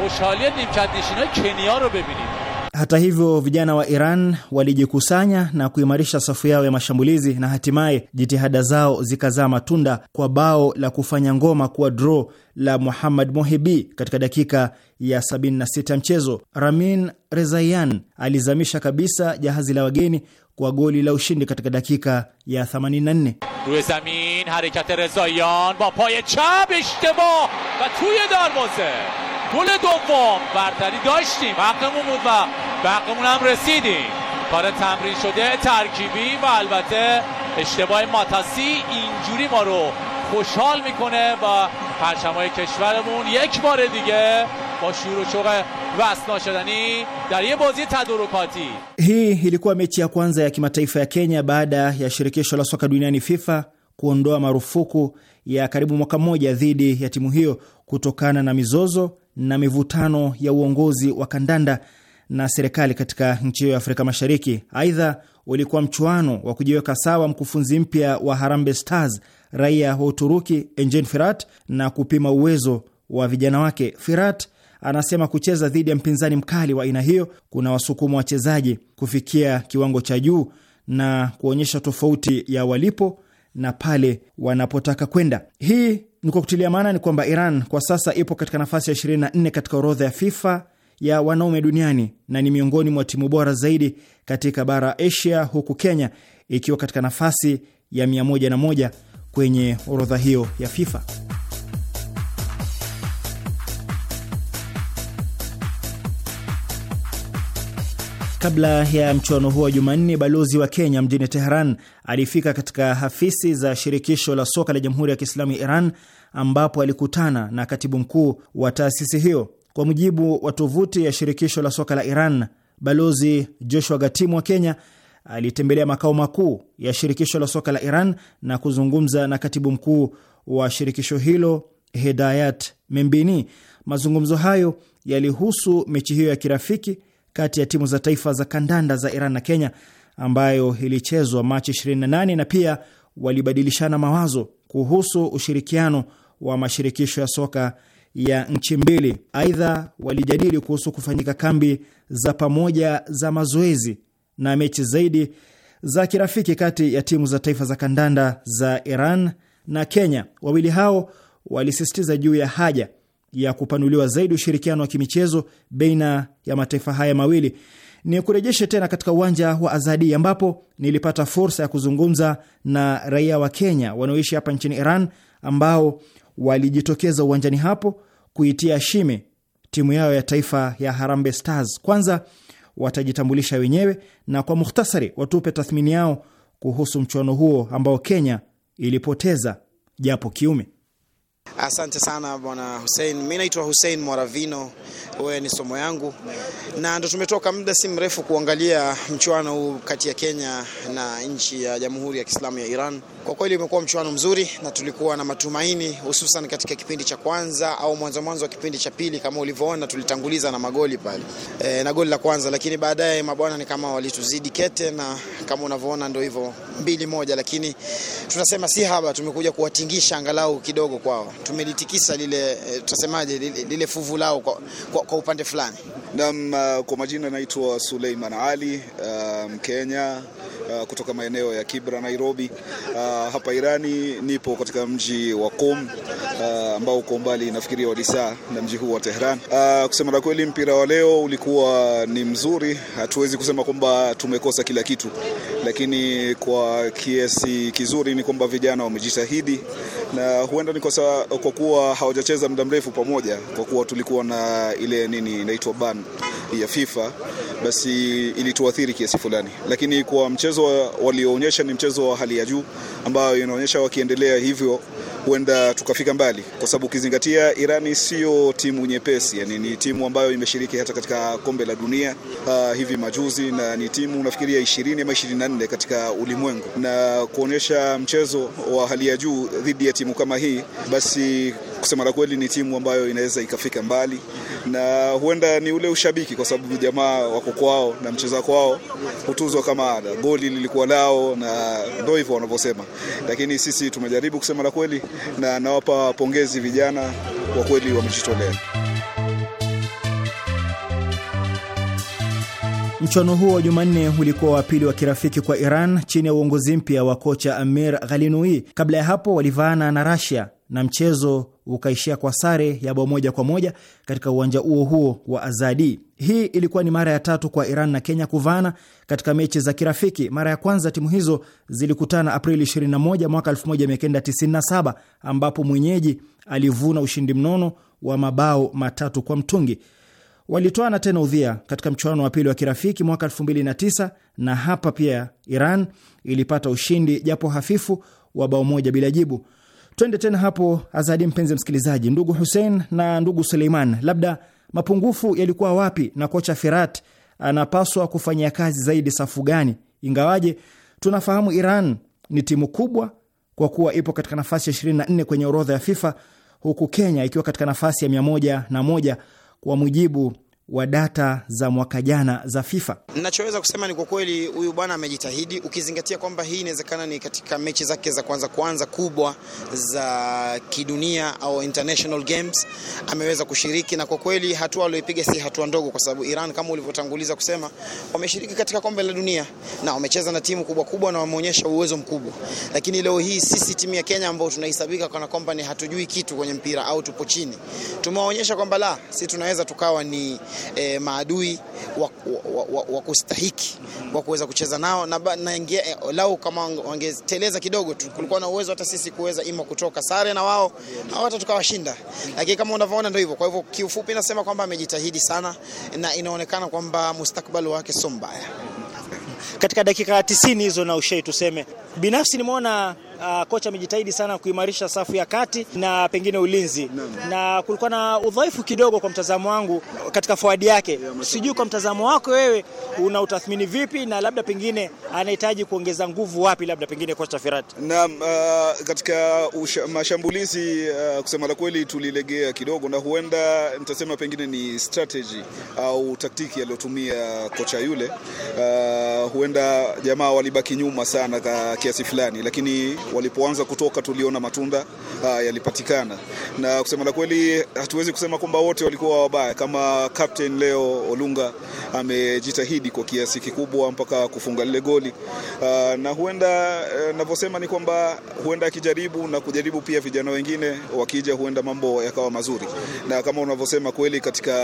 خوشحالی نیمکت کنیا رو ببینید Hata hivyo, vijana wa Iran walijikusanya na kuimarisha safu yao ya mashambulizi na hatimaye jitihada zao zikazaa matunda kwa bao la kufanya ngoma kuwa draw la Muhammad Mohibi katika dakika ya 76 mchezo. Ramin Rezaian alizamisha kabisa jahazi la wageni kwa goli la ushindi katika dakika ya 84. Rue zamin harakat Rezaian ba ishtebah va tuye darvoze gol dovom dashtim bud va بقیمون هم رسیدیم کار تمرین شده ترکیبی و البته اشتباه ماتاسی اینجوری ما رو خوشحال میکنه و پرچمای کشورمون یک بار دیگه با shuru shoga Hii ilikuwa mechi ya kwanza ya kimataifa ya Kenya baada ya shirikisho la soka duniani FIFA kuondoa marufuku ya karibu mwaka mmoja dhidi ya timu hiyo kutokana na mizozo na mivutano ya uongozi wa kandanda na serikali katika nchi hiyo ya Afrika Mashariki. Aidha, ulikuwa mchuano wa kujiweka sawa mkufunzi mpya wa Harambee Stars raia wa Uturuki Engin Firat na kupima uwezo wa vijana wake. Firat anasema kucheza dhidi ya mpinzani mkali wa aina hiyo kuna wasukuma wachezaji kufikia kiwango cha juu na kuonyesha tofauti ya walipo na pale wanapotaka kwenda. Hii ni kwa kutilia maana ni kwamba Iran kwa sasa ipo katika nafasi ya 24 katika orodha ya FIFA ya wanaume duniani na ni miongoni mwa timu bora zaidi katika bara Asia, huku Kenya ikiwa katika nafasi ya 101 kwenye orodha hiyo ya FIFA. Kabla ya mchuano huo wa Jumanne, balozi wa Kenya mjini Teheran alifika katika afisi za shirikisho la soka la Jamhuri ya Kiislamu ya Iran ambapo alikutana na katibu mkuu wa taasisi hiyo. Kwa mujibu wa tovuti ya shirikisho la soka la Iran, Balozi Joshua Gatimu wa Kenya alitembelea makao makuu ya shirikisho la soka la Iran na kuzungumza na katibu mkuu wa shirikisho hilo Hedayat Membini. Mazungumzo hayo yalihusu mechi hiyo ya kirafiki kati ya timu za taifa za kandanda za Iran na Kenya ambayo ilichezwa Machi 28 na pia walibadilishana mawazo kuhusu ushirikiano wa mashirikisho ya soka ya nchi mbili. Aidha, walijadili kuhusu kufanyika kambi za pamoja za mazoezi na mechi zaidi za kirafiki kati ya timu za taifa za kandanda za Iran na Kenya. Wawili hao walisisitiza juu ya haja ya kupanuliwa zaidi ushirikiano wa kimichezo baina ya mataifa haya mawili. Ni kurejeshe tena katika uwanja wa Azadi ambapo nilipata fursa ya kuzungumza na raia wa Kenya wanaoishi hapa nchini Iran ambao walijitokeza uwanjani hapo kuitia shime timu yao ya taifa ya Harambee Stars. Kwanza watajitambulisha wenyewe, na kwa mukhtasari watupe tathmini yao kuhusu mchuano huo ambao Kenya ilipoteza japo kiume. Asante sana bwana Hussein. Mi naitwa Hussein Mwaravino, wewe ni somo yangu, na ndo tumetoka muda si mrefu kuangalia mchuano huu kati ya Kenya na nchi ya Jamhuri ya Kiislamu ya Iran. Kwa kweli umekuwa mchuano mzuri na tulikuwa na matumaini, hususan katika kipindi cha kwanza au mwanzo mwanzo wa kipindi cha pili. Kama ulivyoona, tulitanguliza na magoli pale e, na goli la kwanza, lakini baadaye mabwana ni kama walituzidi kete, na kama unavyoona ndio hivyo mbili moja, lakini tunasema si haba, tumekuja kuwatingisha angalau kidogo kwao, tumelitikisa lile e, tutasemaje lile, lile fuvu lao kwa, kwa, kwa upande fulani. Naam, uh, kwa majina naitwa Suleiman Ali, Mkenya um, uh, kutoka maeneo ya Kibra, Nairobi. Uh, hapa Irani nipo katika mji wa Qom uh, ambao uh, uko umbali nafikiria wadisaa na mji huu wa Tehran. Uh, kusema la kweli, mpira wa leo ulikuwa ni mzuri, hatuwezi kusema kwamba tumekosa kila kitu lakini kwa kiasi kizuri ni kwamba vijana wamejitahidi, na huenda ni kosa kwa kuwa hawajacheza muda mrefu pamoja, kwa kuwa tulikuwa na ile nini inaitwa ban ya FIFA, basi ilituathiri kiasi fulani, lakini kwa mchezo walioonyesha ni mchezo wa hali ya juu ambayo inaonyesha wakiendelea hivyo huenda tukafika mbali, kwa sababu ukizingatia Irani sio timu nyepesi, yani ni timu ambayo imeshiriki hata katika kombe la dunia uh, hivi majuzi, na ni timu unafikiria 20 ama 24 katika ulimwengu, na kuonyesha mchezo wa hali ya juu dhidi ya timu kama hii, basi kusema la kweli ni timu ambayo inaweza ikafika mbali, na huenda ni ule ushabiki, kwa sababu jamaa wako kwao na mcheza kwao hutuzwa kama ada. Goli lilikuwa lao, na ndio hivyo wanavyosema, lakini sisi tumejaribu kusema la kweli, na nawapa pongezi vijana, kwa kweli wamejitolea. Mchuano huo wa Jumanne ulikuwa wa pili wa kirafiki kwa Iran chini ya uongozi mpya wa kocha Amir Ghalinui. Kabla ya hapo walivaana na Rasia na mchezo ukaishia kwa sare ya bao moja kwa moja katika uwanja huo huo wa Azadi. Hii ilikuwa ni mara ya tatu kwa Iran na Kenya kuvaana katika mechi za kirafiki. Mara ya kwanza timu hizo zilikutana Aprili 21 mwaka 1997, ambapo mwenyeji alivuna ushindi mnono wa mabao matatu kwa mtungi. Walitoana tena udhia katika mchuano wa pili wa kirafiki mwaka 2009, na hapa pia Iran ilipata ushindi japo hafifu wa bao moja bila jibu. Twende tena hapo Azadi, mpenzi msikilizaji, ndugu Hussein na ndugu Suleiman, labda mapungufu yalikuwa wapi na kocha Firat anapaswa kufanyia kazi zaidi safu gani? Ingawaje tunafahamu Iran ni timu kubwa kwa kuwa ipo katika nafasi ya 24 kwenye orodha ya FIFA, huku Kenya ikiwa katika nafasi ya 101 kwa mujibu wa data za mwaka jana za FIFA. Ninachoweza kusema ni kwa kweli huyu bwana amejitahidi, ukizingatia kwamba hii inawezekana ni katika mechi zake za kwanza kwanza kubwa za kidunia au international games ameweza kushiriki, na kwa kweli hatua aliyopiga si hatua ndogo, kwa sababu Iran kama ulivyotanguliza kusema wameshiriki katika kombe la dunia na wamecheza na timu kubwa kubwa na wameonyesha uwezo mkubwa, lakini leo hii sisi timu ya Kenya ambao tunahesabika kana kwamba ni hatujui kitu kwenye mpira au tupo chini, tumewaonyesha kwamba la, si tunaweza tukawa ni e, maadui wa, wa, wa, wa kustahiki wa kuweza kucheza nao na, na ingia, e, lau kama wangeteleza kidogo tu, kulikuwa na uwezo hata sisi kuweza ima kutoka sare na wao au hata tukawashinda, lakini kama unavyoona ndio hivyo. Kwa hivyo kiufupi, nasema kwamba amejitahidi sana na inaonekana kwamba mustakbali wake sio mbaya katika dakika 90 hizo, na ushei tuseme binafsi nimeona uh, kocha amejitahidi sana kuimarisha safu ya kati na pengine ulinzi na, na kulikuwa na udhaifu kidogo kwa mtazamo wangu katika fawadi yake. Sijui kwa mtazamo wako wewe una utathmini vipi, na labda pengine anahitaji kuongeza nguvu wapi, labda pengine kocha Firat? Naam, uh, katika usha, mashambulizi uh, kusema la kweli tulilegea kidogo, na huenda nitasema pengine ni strategy au taktiki aliyotumia kocha yule uh, huenda jamaa walibaki nyuma sana kiasi fulani, lakini walipoanza kutoka tuliona matunda uh, yalipatikana, na kusema la kweli, hatuwezi kusema kwamba wote walikuwa wabaya. Kama captain leo Olunga amejitahidi kwa kiasi kikubwa mpaka kufunga lile goli uh, na huenda eh, navyosema ni kwamba huenda akijaribu na kujaribu pia vijana wengine wakija, huenda mambo yakawa mazuri, na kama unavyosema kweli, katika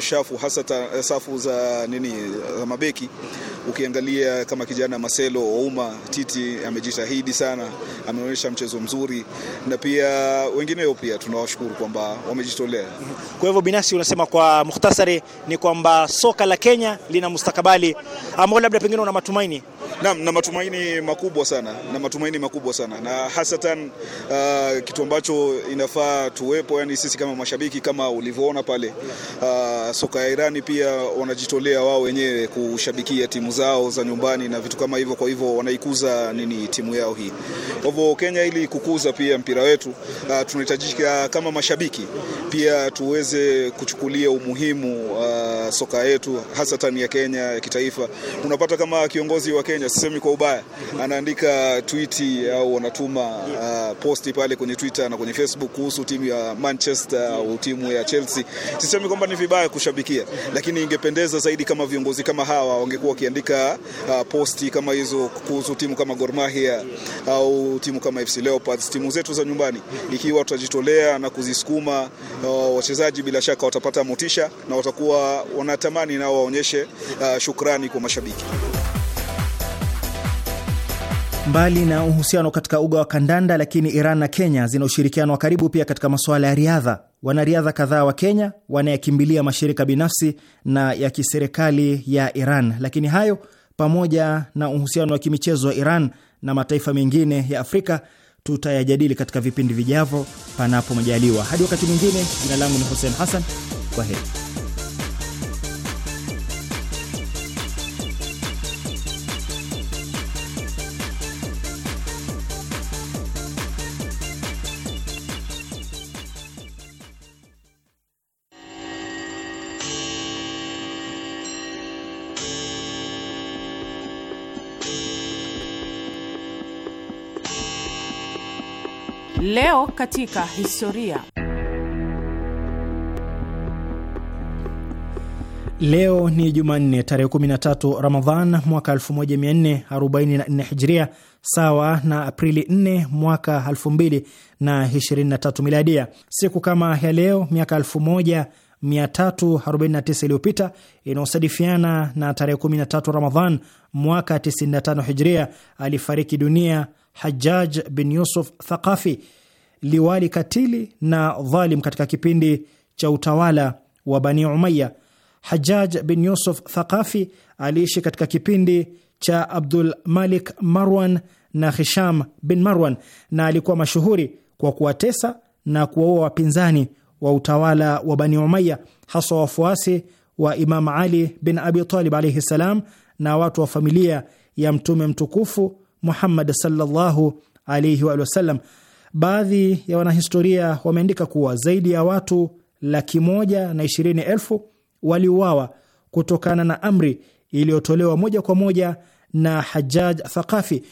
shafu hasa ta, eh, safu za nini za mabeki ukiangalia kama kijana Marcelo Ouma Titi amejitahidi sana ameonyesha mchezo mzuri, na pia wengineo pia tunawashukuru kwamba wamejitolea. Kwa hivyo binafsi unasema kwa mukhtasari ni kwamba soka la Kenya lina mustakabali ambao labda pengine una matumaini Naam, na matumaini makubwa sana na matumaini makubwa sana na hasatan uh, kitu ambacho inafaa tuwepo, yani sisi kama mashabiki, kama ulivyoona pale uh, soka ya Irani pia wanajitolea wao wenyewe kushabikia timu zao za nyumbani na vitu kama hivyo. Kwa hivyo wanaikuza nini timu yao hii. Kwa hivyo Kenya, ili kukuza pia mpira wetu uh, tunahitajika kama mashabiki pia tuweze kuchukulia umuhimu uh, soka yetu hasatan ya Kenya ya kitaifa. Unapata kama kiongozi wa Kenya Kenya, sisemi kwa ubaya, anaandika twiti au wanatuma uh, posti pale kwenye Twitter na kwenye Facebook kuhusu timu ya Manchester au timu ya Chelsea. Sisemi kwamba ni vibaya kushabikia, lakini ingependeza zaidi kama viongozi kama hawa wangekuwa wakiandika uh, posti kama hizo kuhusu timu kama Gor Mahia au timu kama FC Leopards, timu zetu za nyumbani. Ikiwa tutajitolea na kuzisukuma uh, wachezaji, bila shaka watapata motisha na watakuwa wanatamani nao waonyeshe uh, shukrani kwa mashabiki. Mbali na uhusiano katika uga wa kandanda, lakini Iran na Kenya zina ushirikiano wa karibu pia katika masuala ya riadha. Wanariadha kadhaa wa Kenya wanayakimbilia mashirika binafsi na ya kiserikali ya Iran, lakini hayo pamoja na uhusiano wa kimichezo wa Iran na mataifa mengine ya Afrika tutayajadili katika vipindi vijavyo, panapo majaliwa. Hadi wakati mwingine, jina langu ni Hussein Hassan, kwa heri. Leo katika historia. Leo ni Jumanne tarehe 13 Ramadhan mwaka 1444 Hijria, sawa na Aprili 4 mwaka 2023 Miladia. Siku kama ya leo miaka 1349 iliyopita, inaosadifiana na tarehe 13 Ramadhan mwaka 95 Hijria, alifariki dunia Hajjaj bin Yusuf Thaqafi liwali katili na dhalim katika kipindi cha utawala wa Bani umaya hajaj bin Yusuf Thaqafi aliishi katika kipindi cha Abdul Malik Marwan na Hisham bin Marwan, na alikuwa mashuhuri kwa kuwatesa na kuwaua wapinzani wa utawala wa Bani umaya haswa wafuasi wa Imam Ali bin Abi Talib alaihi ssalam na watu wa familia ya Mtume mtukufu Muhammad sallallahu alaihi wa sallam. Baadhi ya wanahistoria wameandika kuwa zaidi ya watu laki moja na ishirini elfu waliuawa kutokana na amri iliyotolewa moja kwa moja na hajaj Thaqafi.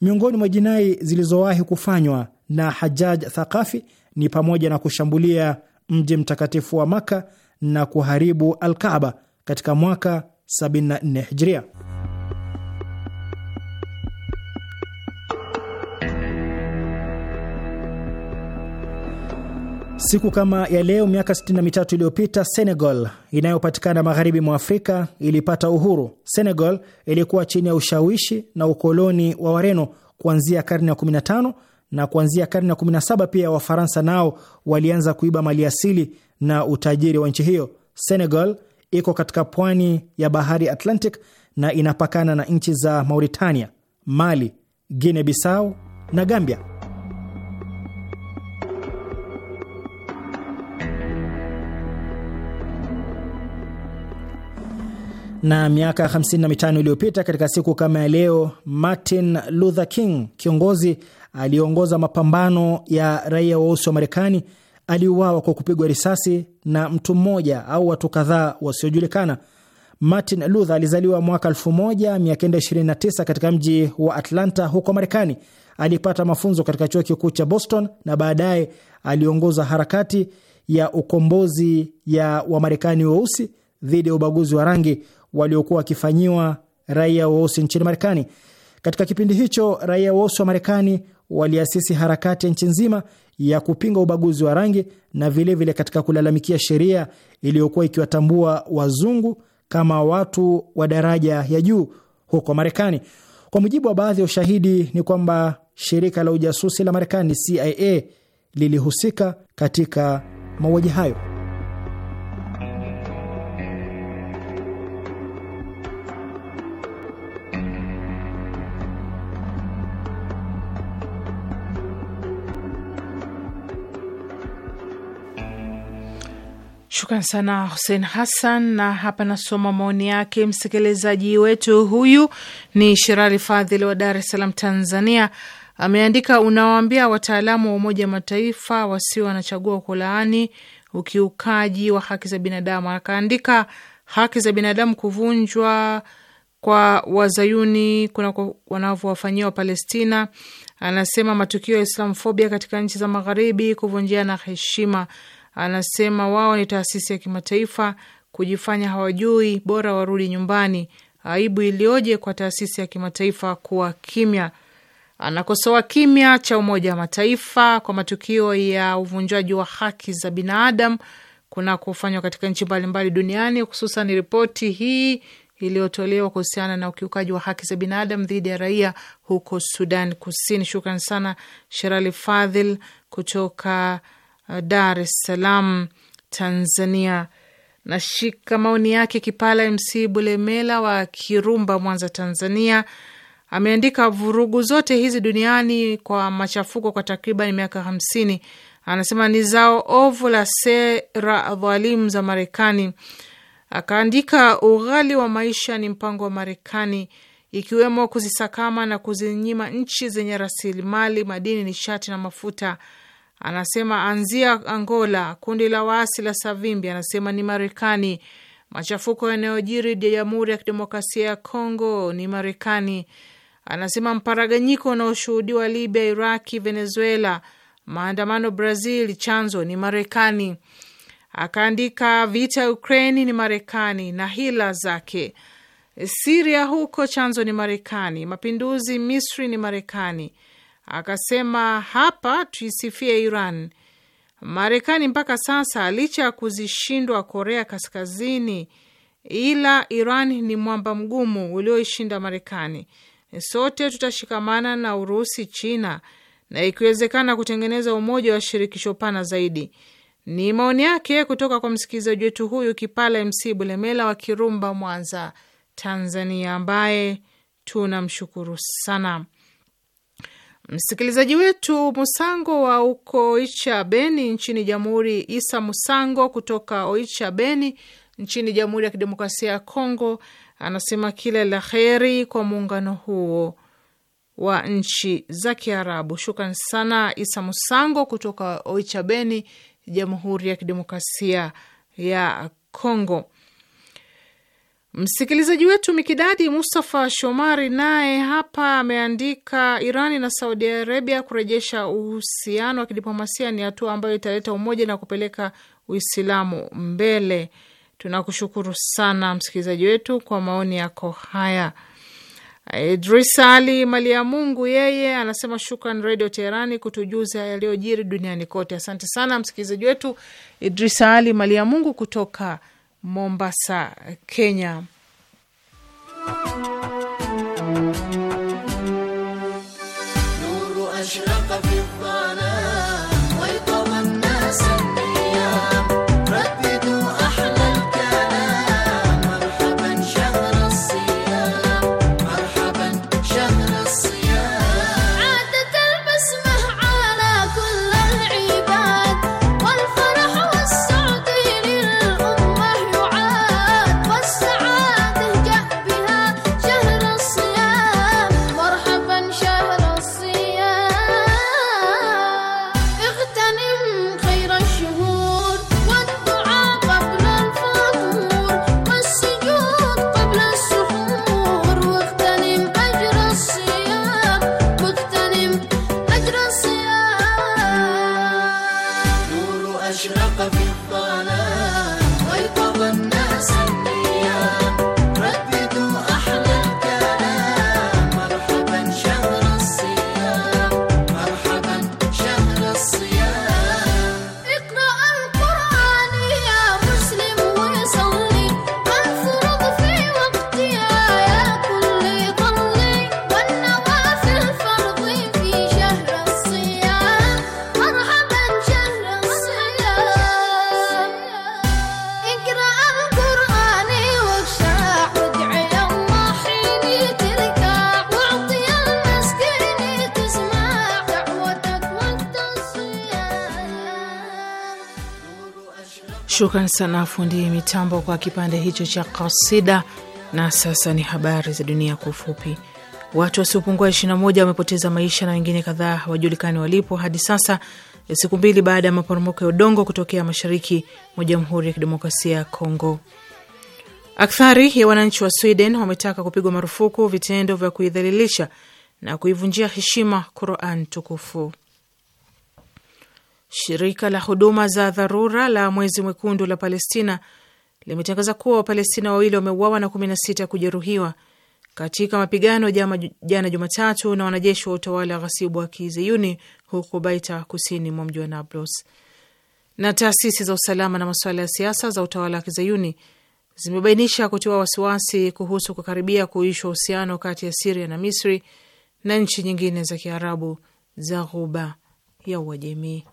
Miongoni mwa jinai zilizowahi kufanywa na hajaj Thaqafi ni pamoja na kushambulia mji mtakatifu wa Maka na kuharibu Alkaaba katika mwaka 74 Hijria. Siku kama ya leo miaka 63 iliyopita Senegal inayopatikana magharibi mwa Afrika ilipata uhuru. Senegal ilikuwa chini ya ushawishi na ukoloni wa Wareno kuanzia karne ya 15 na kuanzia karne ya 17 pia Wafaransa nao walianza kuiba maliasili na utajiri wa nchi hiyo. Senegal iko katika pwani ya bahari Atlantic na inapakana na nchi za Mauritania, Mali, Guinea Bissau na Gambia. na miaka 55 iliyopita katika siku kama ya leo, Martin Luther King, kiongozi aliyeongoza mapambano ya raia weusi wa Marekani, aliuawa kwa kupigwa risasi na mtu mmoja au watu kadhaa wasiojulikana. Martin Luther alizaliwa mwaka 1929 katika mji wa Atlanta huko Marekani. Alipata mafunzo katika chuo kikuu cha Boston na baadaye aliongoza harakati ya ukombozi ya Wamarekani weusi dhidi ya ubaguzi wa rangi waliokuwa wakifanyiwa raia weusi nchini Marekani. Katika kipindi hicho, raia weusi wa Marekani waliasisi harakati ya nchi nzima ya kupinga ubaguzi wa rangi na vilevile vile katika kulalamikia sheria iliyokuwa ikiwatambua wazungu kama watu wa daraja ya juu huko Marekani. Kwa mujibu wa baadhi ya ushahidi ni kwamba shirika la ujasusi la Marekani CIA lilihusika katika mauaji hayo. Shukran sana Hussein Hassan, na hapa nasoma maoni yake msikilizaji wetu. Huyu ni shirari Fadhili wa Dar es Salaam, Tanzania. Ameandika, unawaambia wataalamu wa Umoja wa Mataifa wasio wanachagua kulaani ukiukaji wa haki za binadamu. Akaandika, haki za binadamu kuvunjwa kwa wazayuni kuna wanavyowafanyia Wapalestina. Anasema matukio ya islamfobia katika nchi za magharibi, kuvunjiana heshima Anasema wao ni taasisi ya kimataifa, kujifanya hawajui, bora warudi nyumbani. Aibu iliyoje kwa taasisi ya kimataifa kuwa kimya. Anakosoa kimya cha Umoja wa Mataifa kwa matukio ya uvunjwaji wa haki za binadamu kufanywa katika nchi mbalimbali duniani, hususan ripoti hii iliyotolewa kuhusiana na ukiukaji wa haki za binadamu dhidi ya raia huko Sudan Kusini. Shukran sana Sherali Fadhil kutoka Dar es Salaam, Tanzania. Nashika maoni yake Kipala MC Bulemela wa Kirumba, Mwanza, Tanzania. Ameandika vurugu zote hizi duniani kwa machafuko kwa takriban miaka hamsini, anasema ni zao ovu la sera dhalimu za Marekani. Akaandika ughali wa maisha ni mpango wa Marekani, ikiwemo kuzisakama na kuzinyima nchi zenye rasilimali madini, nishati na mafuta anasema anzia Angola, kundi la waasi la Savimbi anasema ni Marekani. Machafuko yanayojiri Jamhuri ya Kidemokrasia ya Kongo ni Marekani. Anasema mparaganyiko unaoshuhudiwa Libya, Iraki, Venezuela, maandamano Brazil, chanzo ni Marekani. Akaandika vita Ukraini ni Marekani na hila zake. Siria huko chanzo ni Marekani. Mapinduzi Misri ni Marekani. Akasema hapa tuisifie Iran. Marekani mpaka sasa, licha ya kuzishindwa Korea Kaskazini, ila Iran ni mwamba mgumu ulioishinda Marekani. Sote tutashikamana na Urusi, China na ikiwezekana kutengeneza umoja wa shirikisho pana zaidi. Ni maoni yake kutoka kwa msikilizaji wetu huyu Kipala MC Bulemela wa Kirumba, Mwanza, Tanzania, ambaye tunamshukuru sana. Msikilizaji wetu Musango wa uko Oicha Beni nchini Jamhuri, Isa Musango kutoka Oicha Beni nchini Jamhuri ya Kidemokrasia ya Kongo anasema kila la heri kwa muungano huo wa nchi za Kiarabu. Shukran sana Isa Musango kutoka Oicha Beni, Jamhuri ya Kidemokrasia ya Kongo. Msikilizaji wetu Mikidadi Mustafa Shomari naye hapa ameandika, Irani na Saudi Arabia kurejesha uhusiano wa kidiplomasia ni hatua ambayo italeta umoja na kupeleka Uislamu mbele. Tunakushukuru sana msikilizaji wetu kwa maoni yako haya. Idris Ali mali ya Mungu yeye anasema shukran Redio Teherani kutujuza yaliyojiri duniani kote. Asante sana msikilizaji wetu Idris Ali mali ya Mungu kutoka Mombasa, Kenya. Nuru Shukran sana fundi mitambo kwa kipande hicho cha kasida. Na sasa ni habari za dunia kwa ufupi. Watu wasiopungua 21 wamepoteza maisha na wengine kadhaa hawajulikani walipo hadi sasa, siku mbili baada ya maporomoko ya udongo kutokea mashariki mwa Jamhuri ya Kidemokrasia ya Kongo. Akthari ya wananchi wa Sweden wametaka kupigwa marufuku vitendo vya kuidhalilisha na kuivunjia heshima Quran tukufu. Shirika la huduma za dharura la Mwezi Mwekundu la Palestina limetangaza kuwa Wapalestina wawili wameuawa na 16 kujeruhiwa katika mapigano jana Jumatatu na wanajeshi wa utawala ghasibu wa kizeyuni huko Baita, kusini mwa mji wa Nablus. Na taasisi za usalama na masuala ya siasa za utawala wa kizeyuni zimebainisha kutiwa wasiwasi kuhusu kukaribia kuishwa uhusiano kati ya Siria na Misri na nchi nyingine za kiarabu za Ghuba ya uajemii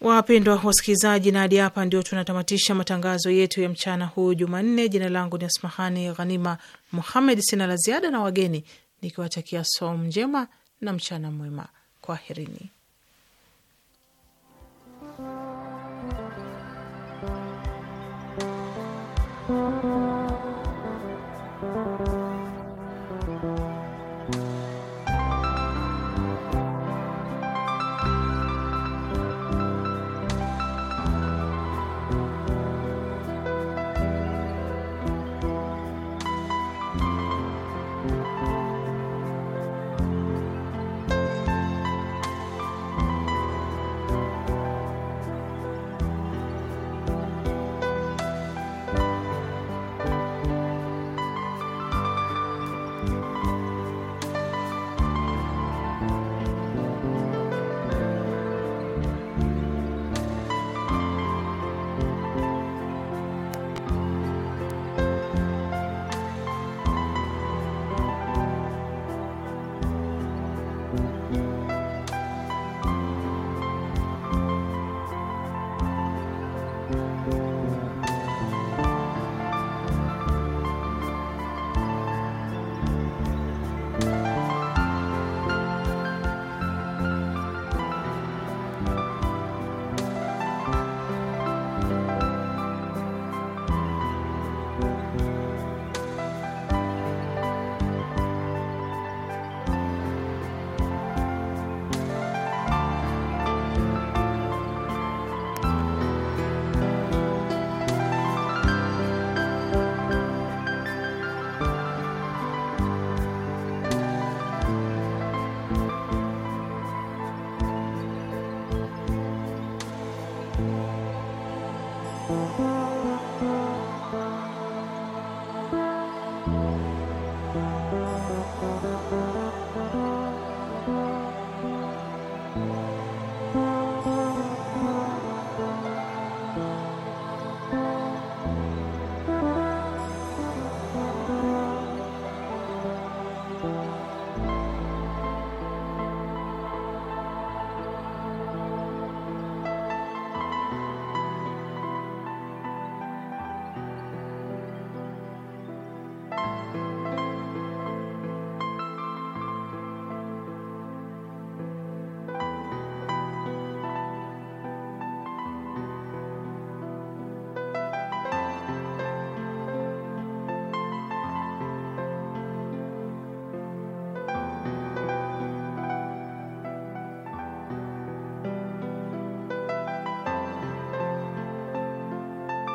Wapendwa wasikilizaji, na hadi hapa ndio tunatamatisha matangazo yetu ya mchana huu Jumanne. Jina langu ni Asmahani Ghanima Muhamed, sina la ziada na wageni nikiwatakia somu njema na mchana mwema. Kwaherini. Mm-hmm.